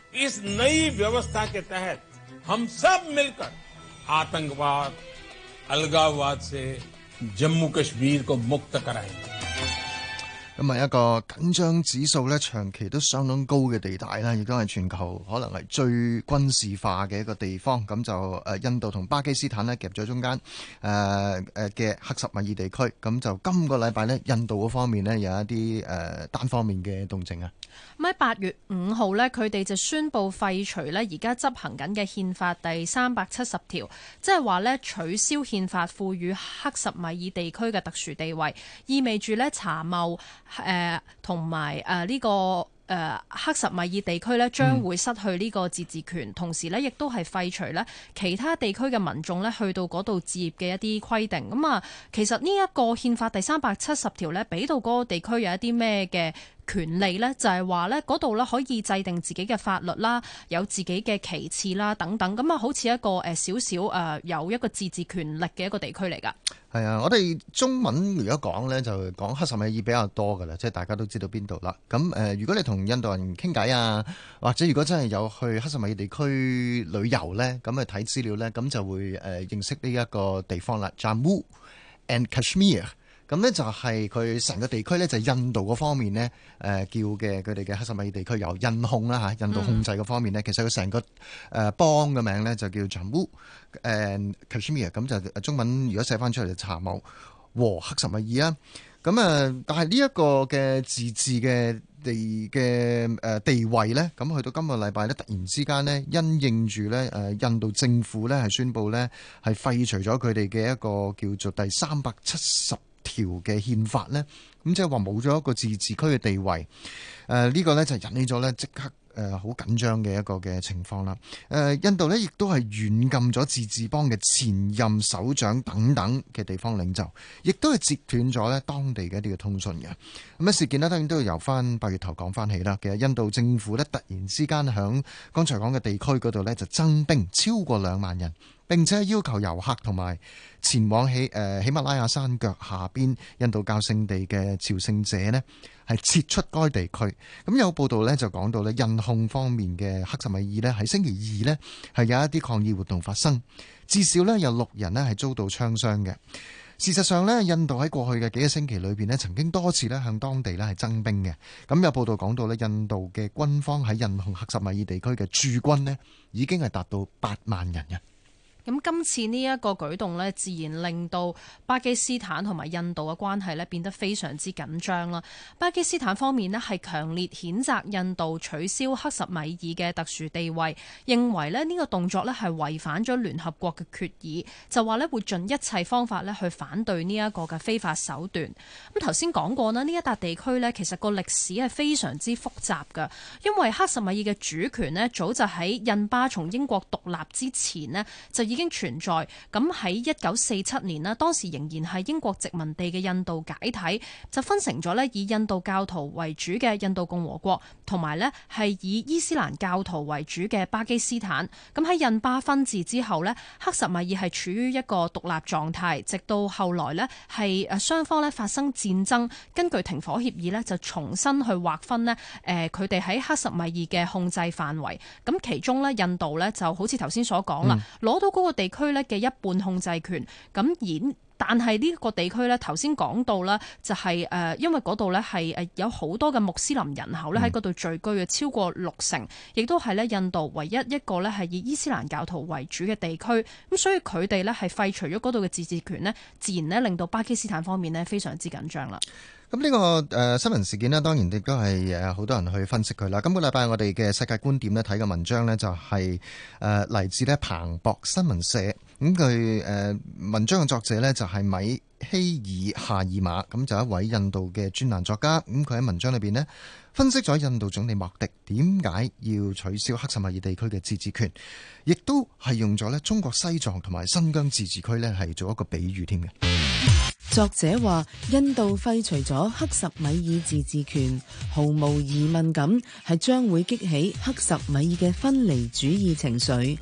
咁咪一個緊張指數呢長期都相當高嘅地帶啦，亦都係全球可能係最軍事化嘅一個地方。咁就印度同巴基斯坦呢夾咗中間嘅克什米爾地區。咁就今個禮拜呢，印度嗰方面呢有一啲誒單方面嘅動靜啊。喺八月五號呢，佢哋就宣布廢除呢而家執行緊嘅憲法第三百七十條，即係話呢取消憲法賦予克什米爾地區嘅特殊地位，意味住呢查謨。誒同埋誒呢個誒、呃、克什米爾地區呢將會失去呢個自治權，嗯、同時呢亦都係廢除咧其他地區嘅民眾呢去到嗰度置業嘅一啲規定。咁啊，其實呢一個憲法第三百七十條呢，俾到嗰個地區有一啲咩嘅？權利呢就係話呢嗰度咧可以制定自己嘅法律啦，有自己嘅旗幟啦等等，咁啊好似一個誒少少誒有一個自治權力嘅一個地區嚟噶。係啊，我哋中文如果講呢，就講克什米爾比較多噶啦，即係大家都知道邊度啦。咁誒、呃，如果你同印度人傾偈啊，或者如果真係有去克什米爾地區旅遊呢，咁去睇資料呢，咁就會誒、呃、認識呢一個地方啦。Jammu and Kashmir 咁呢就係佢成個地區咧，就印度嗰方面呢，叫嘅佢哋嘅克什米爾地區由印控啦印度控制嗰方面呢、嗯，其實佢成個邦嘅名呢，就叫 Jammu and Kashmir，咁就中文如果寫翻出嚟就查某，和克什米爾啦。咁啊，但係呢一個嘅自治嘅地嘅地位呢，咁去到今個禮拜呢，突然之間呢，因應住呢印度政府呢，係宣布呢，係廢除咗佢哋嘅一個叫做第三百七十條嘅憲法呢，咁即係話冇咗一個自治區嘅地位，誒、呃、呢、呢個呢，就引起咗呢即刻，誒好緊張嘅一個嘅情況啦。誒、呃，印度呢，亦都係軟禁咗自治邦嘅前任首長等等嘅地方領袖，亦都係截斷咗呢當地嘅一啲嘅通訊嘅。咁事件呢，當然都要由翻八月頭講翻起啦。其實印度政府呢，突然之間響剛才講嘅地區嗰度呢，就增兵超過兩萬人。並且要求遊客同埋前往喺誒、呃、喜馬拉雅山腳下邊印度教聖地嘅朝聖者呢，係撤出該地區。咁有報道呢就講到呢，印控方面嘅克什米爾呢喺星期二呢係有一啲抗議活動發生，至少呢有六人呢係遭到槍傷嘅。事實上呢，印度喺過去嘅幾個星期裏邊呢曾經多次呢向當地呢係增兵嘅。咁有報道講到呢，印度嘅軍方喺印控克什米爾地區嘅駐軍呢已經係達到八萬人嘅。咁今次呢一個舉動呢，自然令到巴基斯坦同埋印度嘅關係呢變得非常之緊張啦。巴基斯坦方面呢係強烈譴責印度取消克什米爾嘅特殊地位，認為咧呢個動作呢係違反咗聯合國嘅決議，就話呢會盡一切方法呢去反對呢一個嘅非法手段，剛才。咁頭先講過啦，呢一笪地區呢其實個歷史係非常之複雜㗎，因為克什米爾嘅主權呢早就喺印巴從英國獨立之前呢就已。已經存在。咁喺一九四七年啦，當時仍然係英國殖民地嘅印度解體，就分成咗咧以印度教徒為主嘅印度共和國，同埋咧係以伊斯蘭教徒為主嘅巴基斯坦。咁喺印巴分治之後呢，克什米爾係處於一個獨立狀態，直到後來呢係誒雙方咧發生戰爭，根據停火協議呢，就重新去劃分呢誒佢哋喺克什米爾嘅控制範圍。咁其中呢，印度呢就，就好似頭先所講啦，攞、嗯、到。嗰個地區咧嘅一半控制權，咁然，但係呢個地區咧，頭先講到咧，就係誒，因為嗰度咧係誒有好多嘅穆斯林人口咧喺嗰度聚居嘅超過六成，亦都係咧印度唯一一個咧係以伊斯蘭教徒為主嘅地區，咁所以佢哋咧係廢除咗嗰度嘅自治權咧，自然咧令到巴基斯坦方面咧非常之緊張啦。咁、這、呢個誒新聞事件呢，當然亦都係誒好多人去分析佢啦。今個禮拜我哋嘅世界觀點咧睇嘅文章呢，就係誒嚟自咧彭博新聞社。咁佢誒文章嘅作者呢，就係米希爾夏爾馬，咁就一位印度嘅專欄作家。咁佢喺文章裏邊呢，分析咗印度總理莫迪點解要取消克什米爾地區嘅自治權，亦都係用咗呢中國西藏同埋新疆自治區呢，係做一個比喻添嘅。作者話，印度廢除咗克什米爾自治權，毫無疑問噉係將會激起克什米爾嘅分離主義情緒。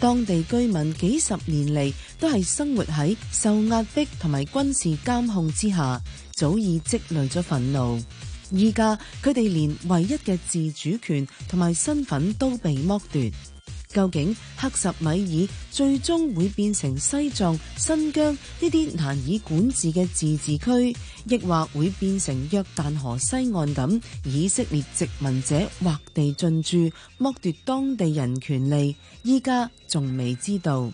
當地居民幾十年嚟都係生活喺受壓迫同埋軍事監控之下，早已積累咗憤怒。依家佢哋連唯一嘅自主權同埋身份都被剝奪。究竟克什米爾最終會變成西藏、新疆呢啲難以管治嘅自治區，亦或會變成約旦河西岸咁，以色列殖民者劃地進駐，剝奪當地人權利？依家仲未知道，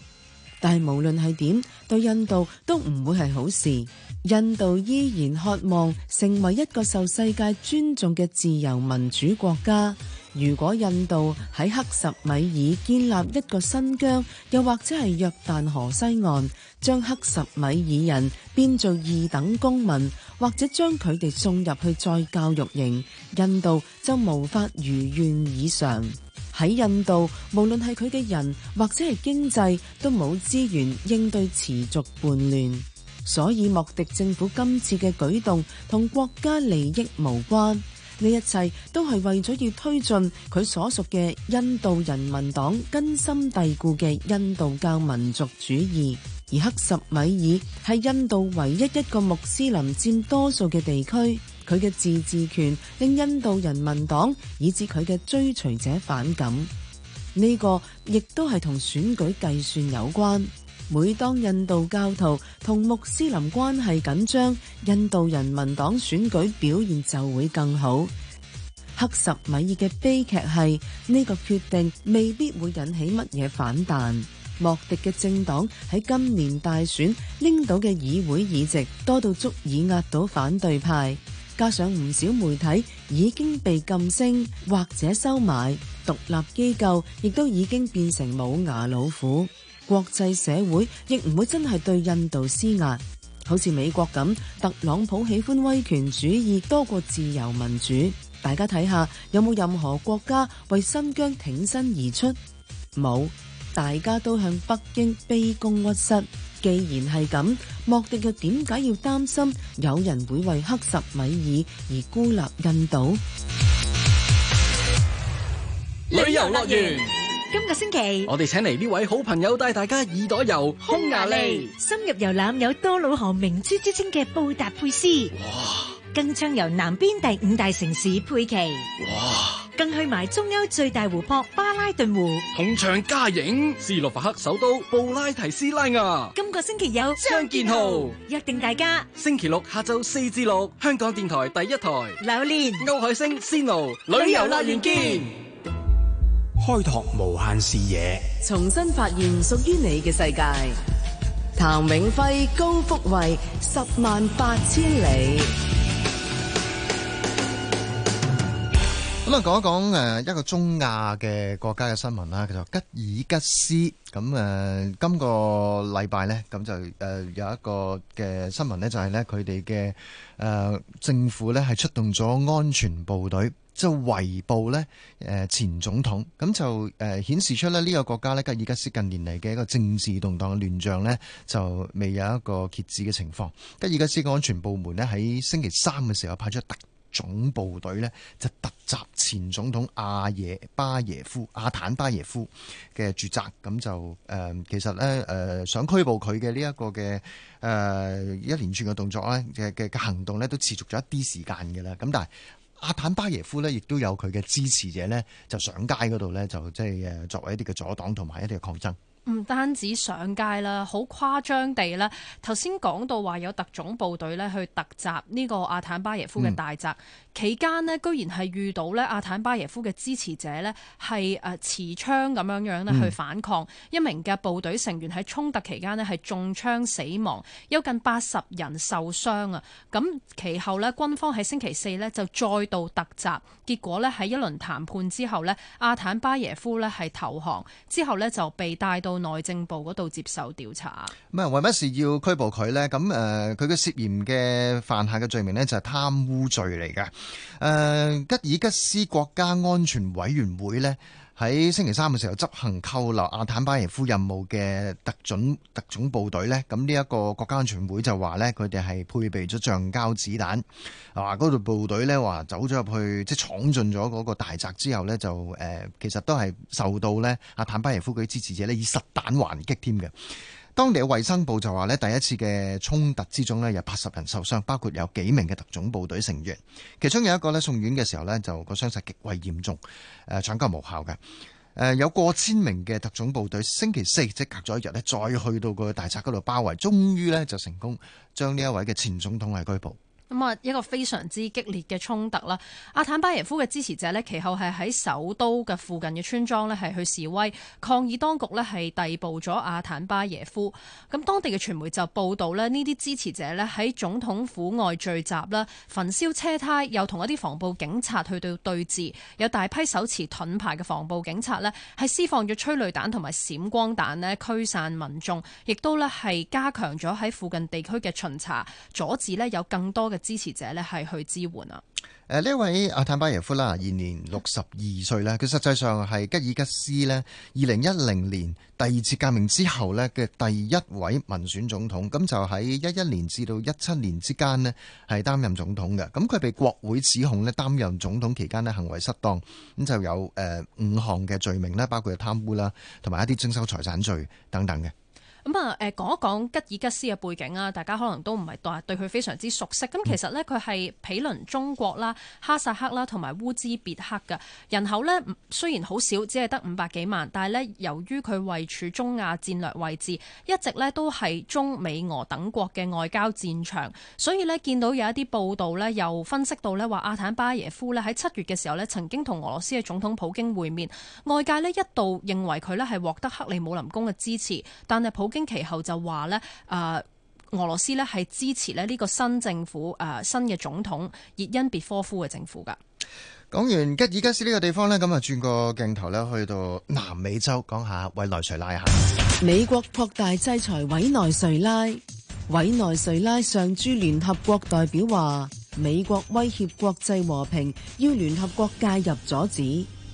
但係無論係點，對印度都唔會係好事。印度依然渴望成為一個受世界尊重嘅自由民主國家。如果印度喺克什米爾建立一個新疆，又或者係約旦河西岸，將克什米爾人變做二等公民，或者將佢哋送入去再教育營，印度就無法如願以償。喺印度，無論係佢嘅人或者係經濟，都冇資源應對持續叛亂。所以莫迪政府今次嘅舉動同國家利益無關，呢一切都係為咗要推進佢所屬嘅印度人民黨根深蒂固嘅印度教民族主義，而克什米爾係印度唯一一個穆斯林佔多數嘅地區，佢嘅自治權令印度人民黨以至佢嘅追隨者反感。呢個亦都係同選舉計算有關。每當印度教徒同穆斯林關係緊張，印度人民黨選舉表現就會更好。克什米爾嘅悲劇係呢、這個決定未必會引起乜嘢反彈。莫迪嘅政黨喺今年大選拎到嘅議會議席多到足以壓倒反對派，加上唔少媒體已經被禁聲或者收買，獨立機構亦都已經變成冇牙老虎。國際社會亦唔會真係對印度施壓，好似美國咁，特朗普喜歡威權主義多過自由民主。大家睇下有冇任何國家為新疆挺身而出？冇，大家都向北京卑躬屈膝。既然係咁，莫迪又點解要擔心有人會為克什米爾而孤立印度？旅遊樂園。今個星期，我哋請嚟呢位好朋友帶大家耳朵遊匈牙利，深入遊覽有多瑙河明珠之稱嘅布達佩斯，哇！更暢遊南邊第五大城市佩奇，哇！更去埋中歐最大湖泊巴拉頓湖，同場加映斯洛伐克首都布拉提斯拉雅。今個星期有張建豪約定大家星期六下晝四至六，香港電台第一台柳蓮歐海星仙奴旅遊樂園見。開拓無限視野，重新發現屬於你嘅世界。譚永輝、高福慧，十萬八千里。咁啊，講一講誒，一個中亞嘅國家嘅新聞啦。叫做吉爾吉斯咁誒，今個禮拜呢，咁就誒有一個嘅新聞呢，就係呢，佢哋嘅誒政府呢係出動咗安全部隊。就圍捕呢前總統，咁就誒顯示出呢個國家呢，吉爾吉斯近年嚟嘅一個政治動盪嘅亂象呢，就未有一個遏止嘅情況。吉爾吉斯個安全部門呢，喺星期三嘅時候派出特種部隊呢，就突襲前總統阿耶巴耶夫，阿坦巴耶夫嘅住宅，咁就、呃、其實呢，呃、想拘捕佢嘅呢一個嘅、呃、一連串嘅動作呢，嘅嘅行動呢，都持續咗一啲時間嘅啦，咁但阿坦巴耶夫咧，亦都有佢嘅支持者咧，就上街嗰度咧，就即係誒作為一啲嘅阻擋同埋一啲嘅抗爭。唔單止上街啦，好誇張地咧，頭先講到話有特種部隊咧去突襲呢個阿坦巴耶夫嘅大宅，嗯，期間咧居然係遇到咧阿坦巴耶夫嘅支持者咧係誒持槍咁樣樣咧去反抗，嗯，一名嘅部隊成員喺衝突期間咧係中槍死亡，有近八十人受傷啊！咁其後咧軍方喺星期四咧就再度突襲，結果咧喺一輪談判之後咧，阿坦巴耶夫咧係投降，之後咧就被帶到。內政部嗰度接受調查。唔係為乜事要拘捕佢咧？咁、呃、誒，佢嘅涉嫌嘅犯下嘅罪名咧就係貪污罪嚟㗎。誒、呃，吉爾吉斯國家安全委員會咧。喺星期三嘅時候執行扣留阿坦巴耶夫任務嘅特準特種部隊呢，咁呢一個國家安全會就話呢，佢哋係配備咗橡膠子彈，啊嗰度部隊呢，話走咗入去，即係闖進咗嗰個大宅之後呢，就誒其實都係受到呢阿坦巴耶夫嗰啲支持者呢以實彈還擊添嘅。當地嘅衛生部就話咧，第一次嘅衝突之中呢有八十人受傷，包括有幾名嘅特種部隊成員。其中有一個送院嘅時候呢就個傷勢極為嚴重，誒、呃、搶救無效嘅、呃。有過千名嘅特種部隊，星期四即隔咗一日呢再去到個大宅嗰度包圍，終於呢就成功將呢一位嘅前總統係拘捕。咁啊，一個非常之激烈嘅衝突啦！阿坦巴耶夫嘅支持者咧，其後係喺首都嘅附近嘅村莊咧，係去示威抗議當局咧係逮捕咗阿坦巴耶夫。咁當地嘅傳媒就報道咧，呢啲支持者咧喺總統府外聚集啦，焚燒車胎，又同一啲防暴警察去到對峙，有大批手持盾牌嘅防暴警察咧，係施放咗催淚彈同埋閃光彈咧，驅散民眾，亦都咧係加強咗喺附近地區嘅巡查，阻止咧有更多嘅。支持者呢係去支援啊！誒，呢位阿坦巴耶夫啦，現年六十二歲啦，佢實際上係吉爾吉斯呢，二零一零年第二次革命之後呢嘅第一位民選總統，咁就喺一一年至到一七年之間呢係擔任總統嘅。咁佢被國會指控呢擔任總統期間呢行為失當，咁就有誒五項嘅罪名咧，包括貪污啦，同埋一啲徵收財產罪等等嘅。咁啊，誒，講一講吉爾吉斯嘅背景啊，大家可能都唔係對佢非常之熟悉。咁其實咧，佢係毗鄰中國啦、哈薩克啦同埋烏茲別克嘅人口咧，雖然好少，只係得五百幾萬，但係咧，由於佢位處中亞戰略位置，一直咧都係中美俄等國嘅外交戰場，所以咧，見到有一啲報道咧，又分析到咧話阿坦巴耶夫咧喺七月嘅時候咧曾經同俄羅斯嘅總統普京會面，外界咧一度認為佢咧係獲得克里姆林宮嘅支持，但係普京。星期後就話咧，誒、呃，俄羅斯咧係支持咧呢個新政府，誒、呃，新嘅總統熱恩別科夫嘅政府噶。講完吉爾吉斯呢個地方呢，咁啊，轉個鏡頭咧去到南美洲，講下委內瑞拉下。美國擴大制裁委內瑞拉，委內瑞拉常駐聯合國代表話，美國威脅國際和平，要聯合國介入阻止。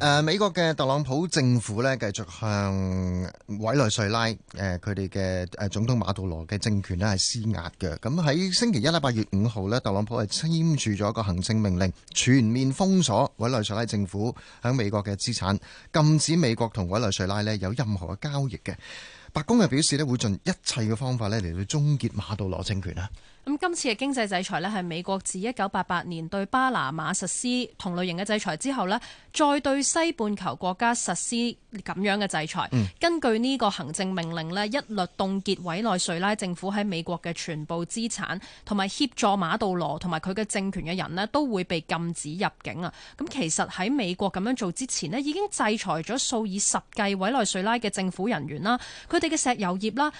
誒，美國嘅特朗普政府呢繼續向委內瑞拉誒，佢哋嘅誒總統馬杜羅嘅政權呢係施壓嘅。咁喺星期一咧，八月五號呢，特朗普係簽署咗一個行政命令，全面封鎖委內瑞拉政府喺美國嘅資產，禁止美國同委內瑞拉呢有任何嘅交易嘅。白宮又表示呢會盡一切嘅方法呢嚟到終結馬杜羅政權啦。咁今次嘅經濟制裁呢，係美國自一九八八年對巴拿馬實施同類型嘅制裁之後呢，再對西半球國家實施咁樣嘅制裁。根據呢個行政命令呢，一律凍結委內瑞拉政府喺美國嘅全部資產，同埋協助馬杜羅同埋佢嘅政權嘅人呢，都會被禁止入境啊！咁其實喺美國咁樣做之前呢，已經制裁咗數以十計委內瑞拉嘅政府人員啦，佢哋嘅石油業啦。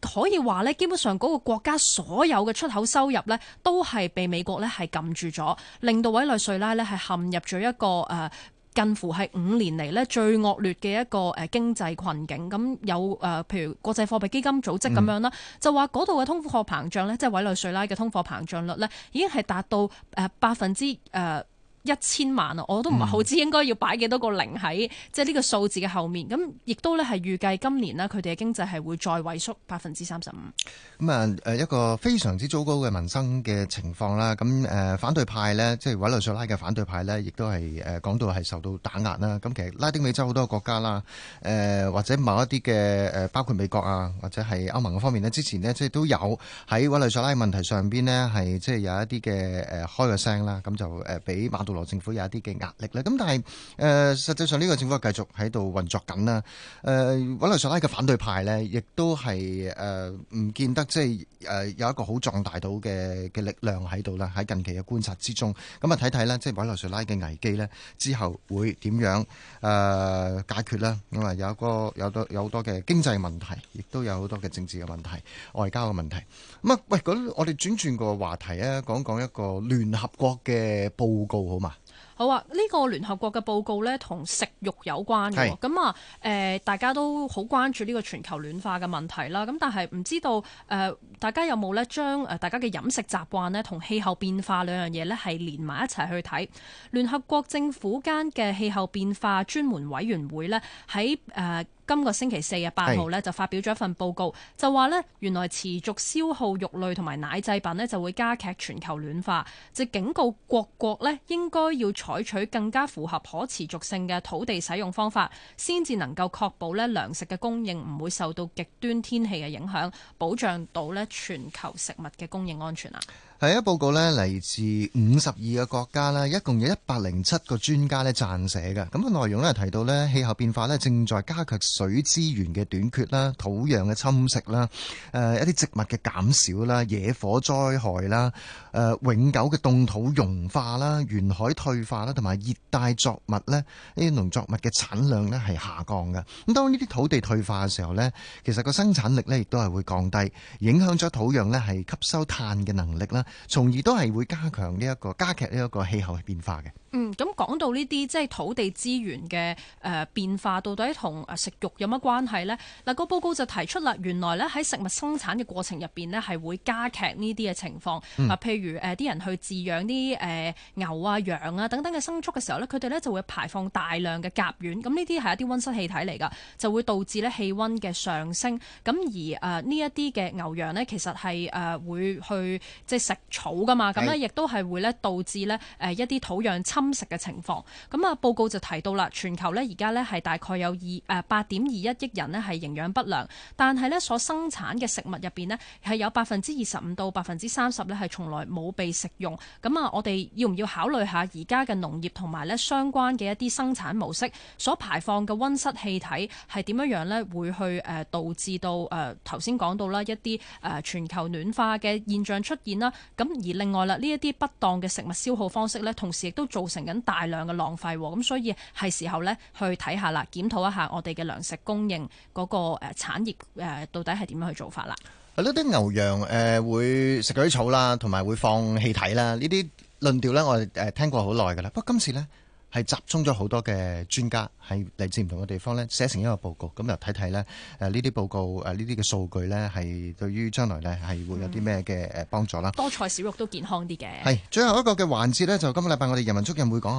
可以話咧，基本上嗰個國家所有嘅出口收入咧，都係被美國咧係撳住咗，令到委內瑞拉咧係陷入咗一個誒近乎係五年嚟咧最惡劣嘅一個誒經濟困境。咁有誒譬如國際貨幣基金組織咁樣啦，嗯、就話嗰度嘅通貨膨脹咧，即係委內瑞拉嘅通貨膨脹率咧，已經係達到誒百分之誒一千萬啊！我都唔係好知應該要擺幾多個零喺，即係呢個數字嘅後面。咁亦都咧係預計今年咧佢哋嘅經濟係會再萎縮百分之三十五。咁啊誒一個非常之糟糕嘅民生嘅情況啦。咁誒反對派咧，即係委內瑞拉嘅反對派咧，亦都係誒講到係受到打壓啦。咁其實拉丁美洲好多國家啦，誒或者某一啲嘅誒包括美國啊，或者係歐盟方面咧，之前咧即係都有喺委內瑞拉的問題上邊咧係即係有一啲嘅誒開個聲啦。咁就誒俾馬杜羅。政府有一啲嘅壓力啦，咁但係誒、呃，實際上呢個政府繼續喺度運作緊啦。誒、呃，委內瑞拉嘅反對派咧，亦都係誒，唔、呃、見得即係。就是誒有一個好壯大到嘅嘅力量喺度啦，喺近期嘅觀察之中，咁啊，睇睇咧，即係委內瑞拉嘅危機呢，之後會點樣誒、呃、解決啦？咁啊，有個有多有好多嘅經濟問題，亦都有好多嘅政治嘅問題、外交嘅問題。咁啊，喂，我哋轉轉個話題啊，講一講一個聯合國嘅報告好嘛？好啊，呢、這個聯合國嘅報告呢，同食慾有關嘅，咁啊，誒、呃，大家都好關注呢個全球暖化嘅問題啦。咁但係唔知道誒、呃，大家有冇呢？將、呃、誒大家嘅飲食習慣呢，同氣候變化兩樣嘢呢，係連埋一齊去睇，聯合國政府間嘅氣候變化專門委員會呢，喺、呃、誒。今個星期四日八號咧，就發表咗一份報告，就話呢，原來持續消耗肉類同埋奶製品呢，就會加劇全球暖化，就警告各國呢，應該要採取更加符合可持續性嘅土地使用方法，先至能夠確保呢糧食嘅供應唔會受到極端天氣嘅影響，保障到呢全球食物嘅供應安全啊！係啊！報告呢嚟自五十二個國家啦，一共有一百零七個專家咧撰寫嘅。咁個內容咧提到呢氣候變化呢，正在加劇水資源嘅短缺啦、土壤嘅侵蝕啦、誒一啲植物嘅減少啦、野火災害啦、誒永久嘅凍土融化啦、沿海退化啦，同埋熱帶作物呢，啲農作物嘅產量呢係下降嘅。咁當呢啲土地退化嘅時候呢，其實個生產力呢亦都係會降低，影響咗土壤呢係吸收碳嘅能力啦。從而都係會加強呢一個加劇呢一個氣候變化嘅。嗯，咁講到呢啲即係土地資源嘅誒、呃、變化，到底同食肉有乜關係呢？嗱、那，個報告就提出啦，原來咧喺食物生產嘅過程入面呢，係會加劇呢啲嘅情況。嗱、嗯啊，譬如啲、呃、人去飼養啲、呃、牛啊、羊啊等等嘅牲畜嘅時候呢，佢哋咧就會排放大量嘅甲烷，咁呢啲係一啲溫室氣體嚟㗎，就會導致咧氣溫嘅上升。咁而呢一啲嘅牛羊呢，其實係誒、呃、會去即係食草㗎嘛，咁咧亦都係會咧導致咧、呃、一啲土壤侵蝕嘅情況，咁啊報告就提到啦，全球呢而家呢係大概有二誒八點二一億人呢係營養不良，但係呢所生產嘅食物入邊呢，係有百分之二十五到百分之三十呢係從來冇被食用，咁啊我哋要唔要考慮下而家嘅農業同埋呢相關嘅一啲生產模式所排放嘅温室氣體係點樣樣呢？會去誒導致到誒頭先講到啦一啲誒全球暖化嘅現象出現啦，咁而另外啦呢一啲不當嘅食物消耗方式呢，同時亦都做，造成緊大量嘅浪費，咁所以係時候咧去睇下啦，檢討一下我哋嘅糧食供應嗰個誒產業誒，到底係點樣去做法啦？係啲牛羊誒、呃、會食嗰啲草啦，同埋會放氣體啦，呢啲論調咧我哋誒聽過好耐噶啦，不過今次咧。係集中咗好多嘅專家喺嚟自唔同嘅地方咧，寫成一個報告，咁又睇睇咧，誒呢啲報告誒呢啲嘅數據咧，係對於將來咧係會有啲咩嘅誒幫助啦，嗯。多菜少肉都健康啲嘅。係最後一個嘅環節咧，就今個禮拜我哋人民足印會講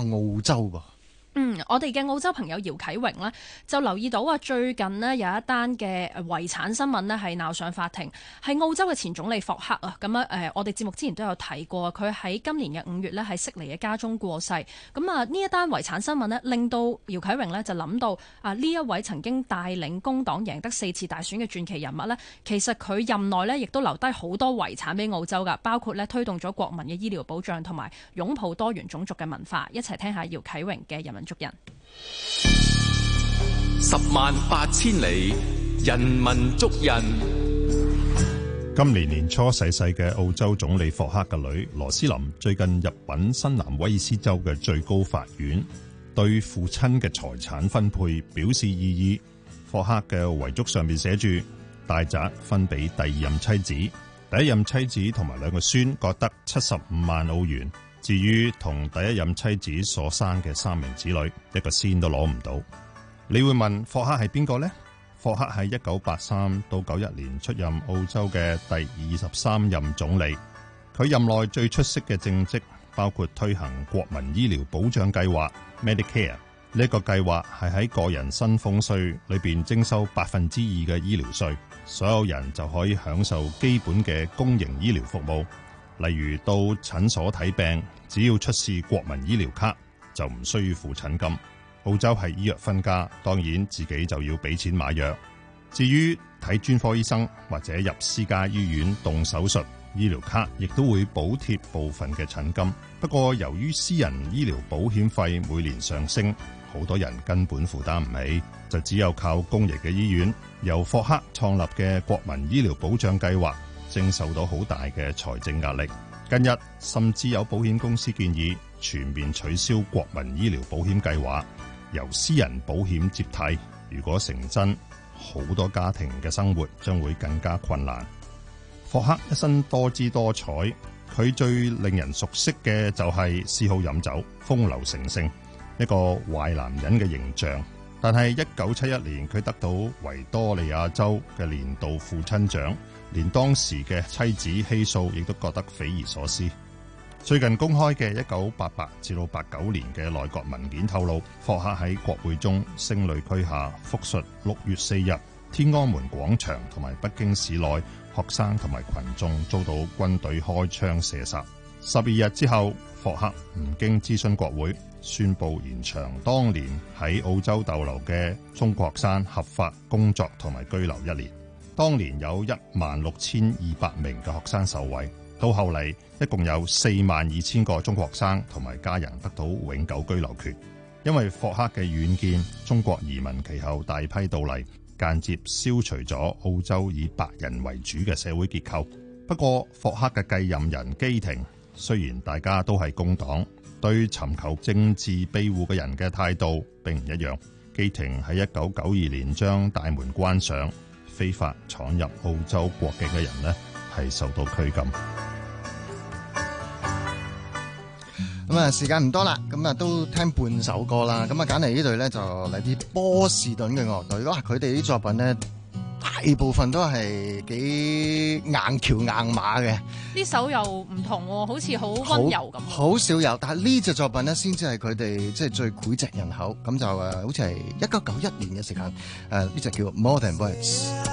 下澳洲噃。嗯，我哋嘅澳洲朋友姚啟榮呢，就留意到啊，最近呢有一單嘅遺產新聞呢，係鬧上法庭，係澳洲嘅前總理霍克啊。咁啊，誒，我哋節目之前都有提過，佢喺今年嘅五月呢，喺悉尼嘅家中過世。咁啊，呢一單遺產新聞呢，令到姚啟榮呢，就諗到啊，呢一位曾經帶領工黨贏得四次大選嘅傳奇人物呢，其實佢任內呢，亦都留低好多遺產俾澳洲噶，包括呢推動咗國民嘅醫療保障同埋擁抱多元種族嘅文化。一齊聽下姚啟榮嘅人民。十萬八千里，人民足印。今年年初逝世嘅澳洲總理霍克嘅女羅斯林最近入禀新南威爾斯州嘅最高法院，對父親嘅財產分配表示異議。霍克嘅遺囑上面寫住，大宅分俾第二任妻子，第一任妻子同埋兩個孫各得七十五萬澳元。至於同第一任妻子所生嘅三名子女，一個仙都攞唔到。你會問霍克係邊個呢？霍克喺一九八三到九一年出任澳洲嘅第二十三任總理。佢任內最出色嘅政績包括推行國民醫療保障計劃 Medicare。呢個計劃係喺個人薪俸稅裏邊徵收百分之二嘅醫療稅，所有人就可以享受基本嘅公營醫療服務，例如到診所睇病。只要出示國民醫療卡，就唔需要付診金。澳洲係醫藥分家，當然自己就要俾錢買藥。至於睇專科醫生或者入私家醫院動手術，醫療卡亦都會補貼部分嘅診金。不過由於私人醫療保險費每年上升，好多人根本負擔唔起，就只有靠公營嘅醫院。由霍克創立嘅國民醫療保障計劃正受到好大嘅財政壓力。近日甚至有保險公司建議全面取消國民醫療保險計劃，由私人保險接替。如果成真，好多家庭嘅生活將會更加困難。霍克一生多姿多彩，佢最令人熟悉嘅就係嗜好飲酒、風流成性，一個壞男人嘅形象。但係一九七一年佢得到維多利亞州嘅年度父親獎。連當時嘅妻子希素亦都覺得匪夷所思。最近公開嘅一九八八至到八九年嘅內閣文件透露，霍克喺國會中聲淚俱下，復述六月四日天安門廣場同埋北京市內學生同埋群眾遭到軍隊開槍射殺。十二日之後，霍克唔經諮詢國會，宣布延長當年喺澳洲逗留嘅中國學生合法工作同埋居留一年。當年有一萬六千二百名嘅學生受惠，到後嚟一共有四萬二千個中國生同埋家人得到永久居留權。因為霍克嘅遠見，中國移民其後大批到嚟，間接消除咗澳洲以白人為主嘅社會結構。不過霍克嘅繼任人基廷，雖然大家都係工黨，對尋求政治庇護嘅人嘅態度並唔一樣。基廷喺一九九二年將大門關上。非法闖入澳洲國境嘅人咧，係受到拘禁。咁啊，時間唔多啦，咁啊都聽半首歌啦。咁啊，揀嚟呢隊咧，就嚟啲波士頓嘅樂隊。哇，佢哋啲作品咧，大部分都係幾硬橋硬馬嘅，呢首又唔同喎，好似好溫柔咁。好少有，但係呢隻作品咧先至係佢哋即係最膾炙人口，咁就誒，好似係一九九一年嘅時間，誒呢隻叫 Modern Boys。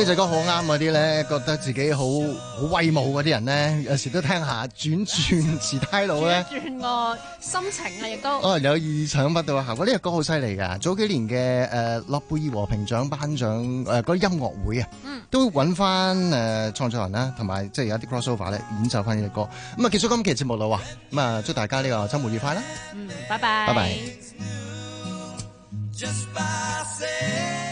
呢隻歌好啱嗰啲咧，覺得自己好好威武嗰啲人咧，有時都聽下轉轉時態佬咧，轉個心情啊亦都。哦，有意想不到啊！果呢隻歌好犀利噶，早幾年嘅誒、呃、諾貝爾和平獎頒獎誒嗰啲音樂會啊、嗯，都揾翻誒創作人啦，同埋即係而家啲 cross over 咧演奏翻呢隻歌。咁啊，結束今期節目啦喎，咁啊祝大家呢個周末愉快啦！嗯，拜拜，拜拜。嗯，拜拜。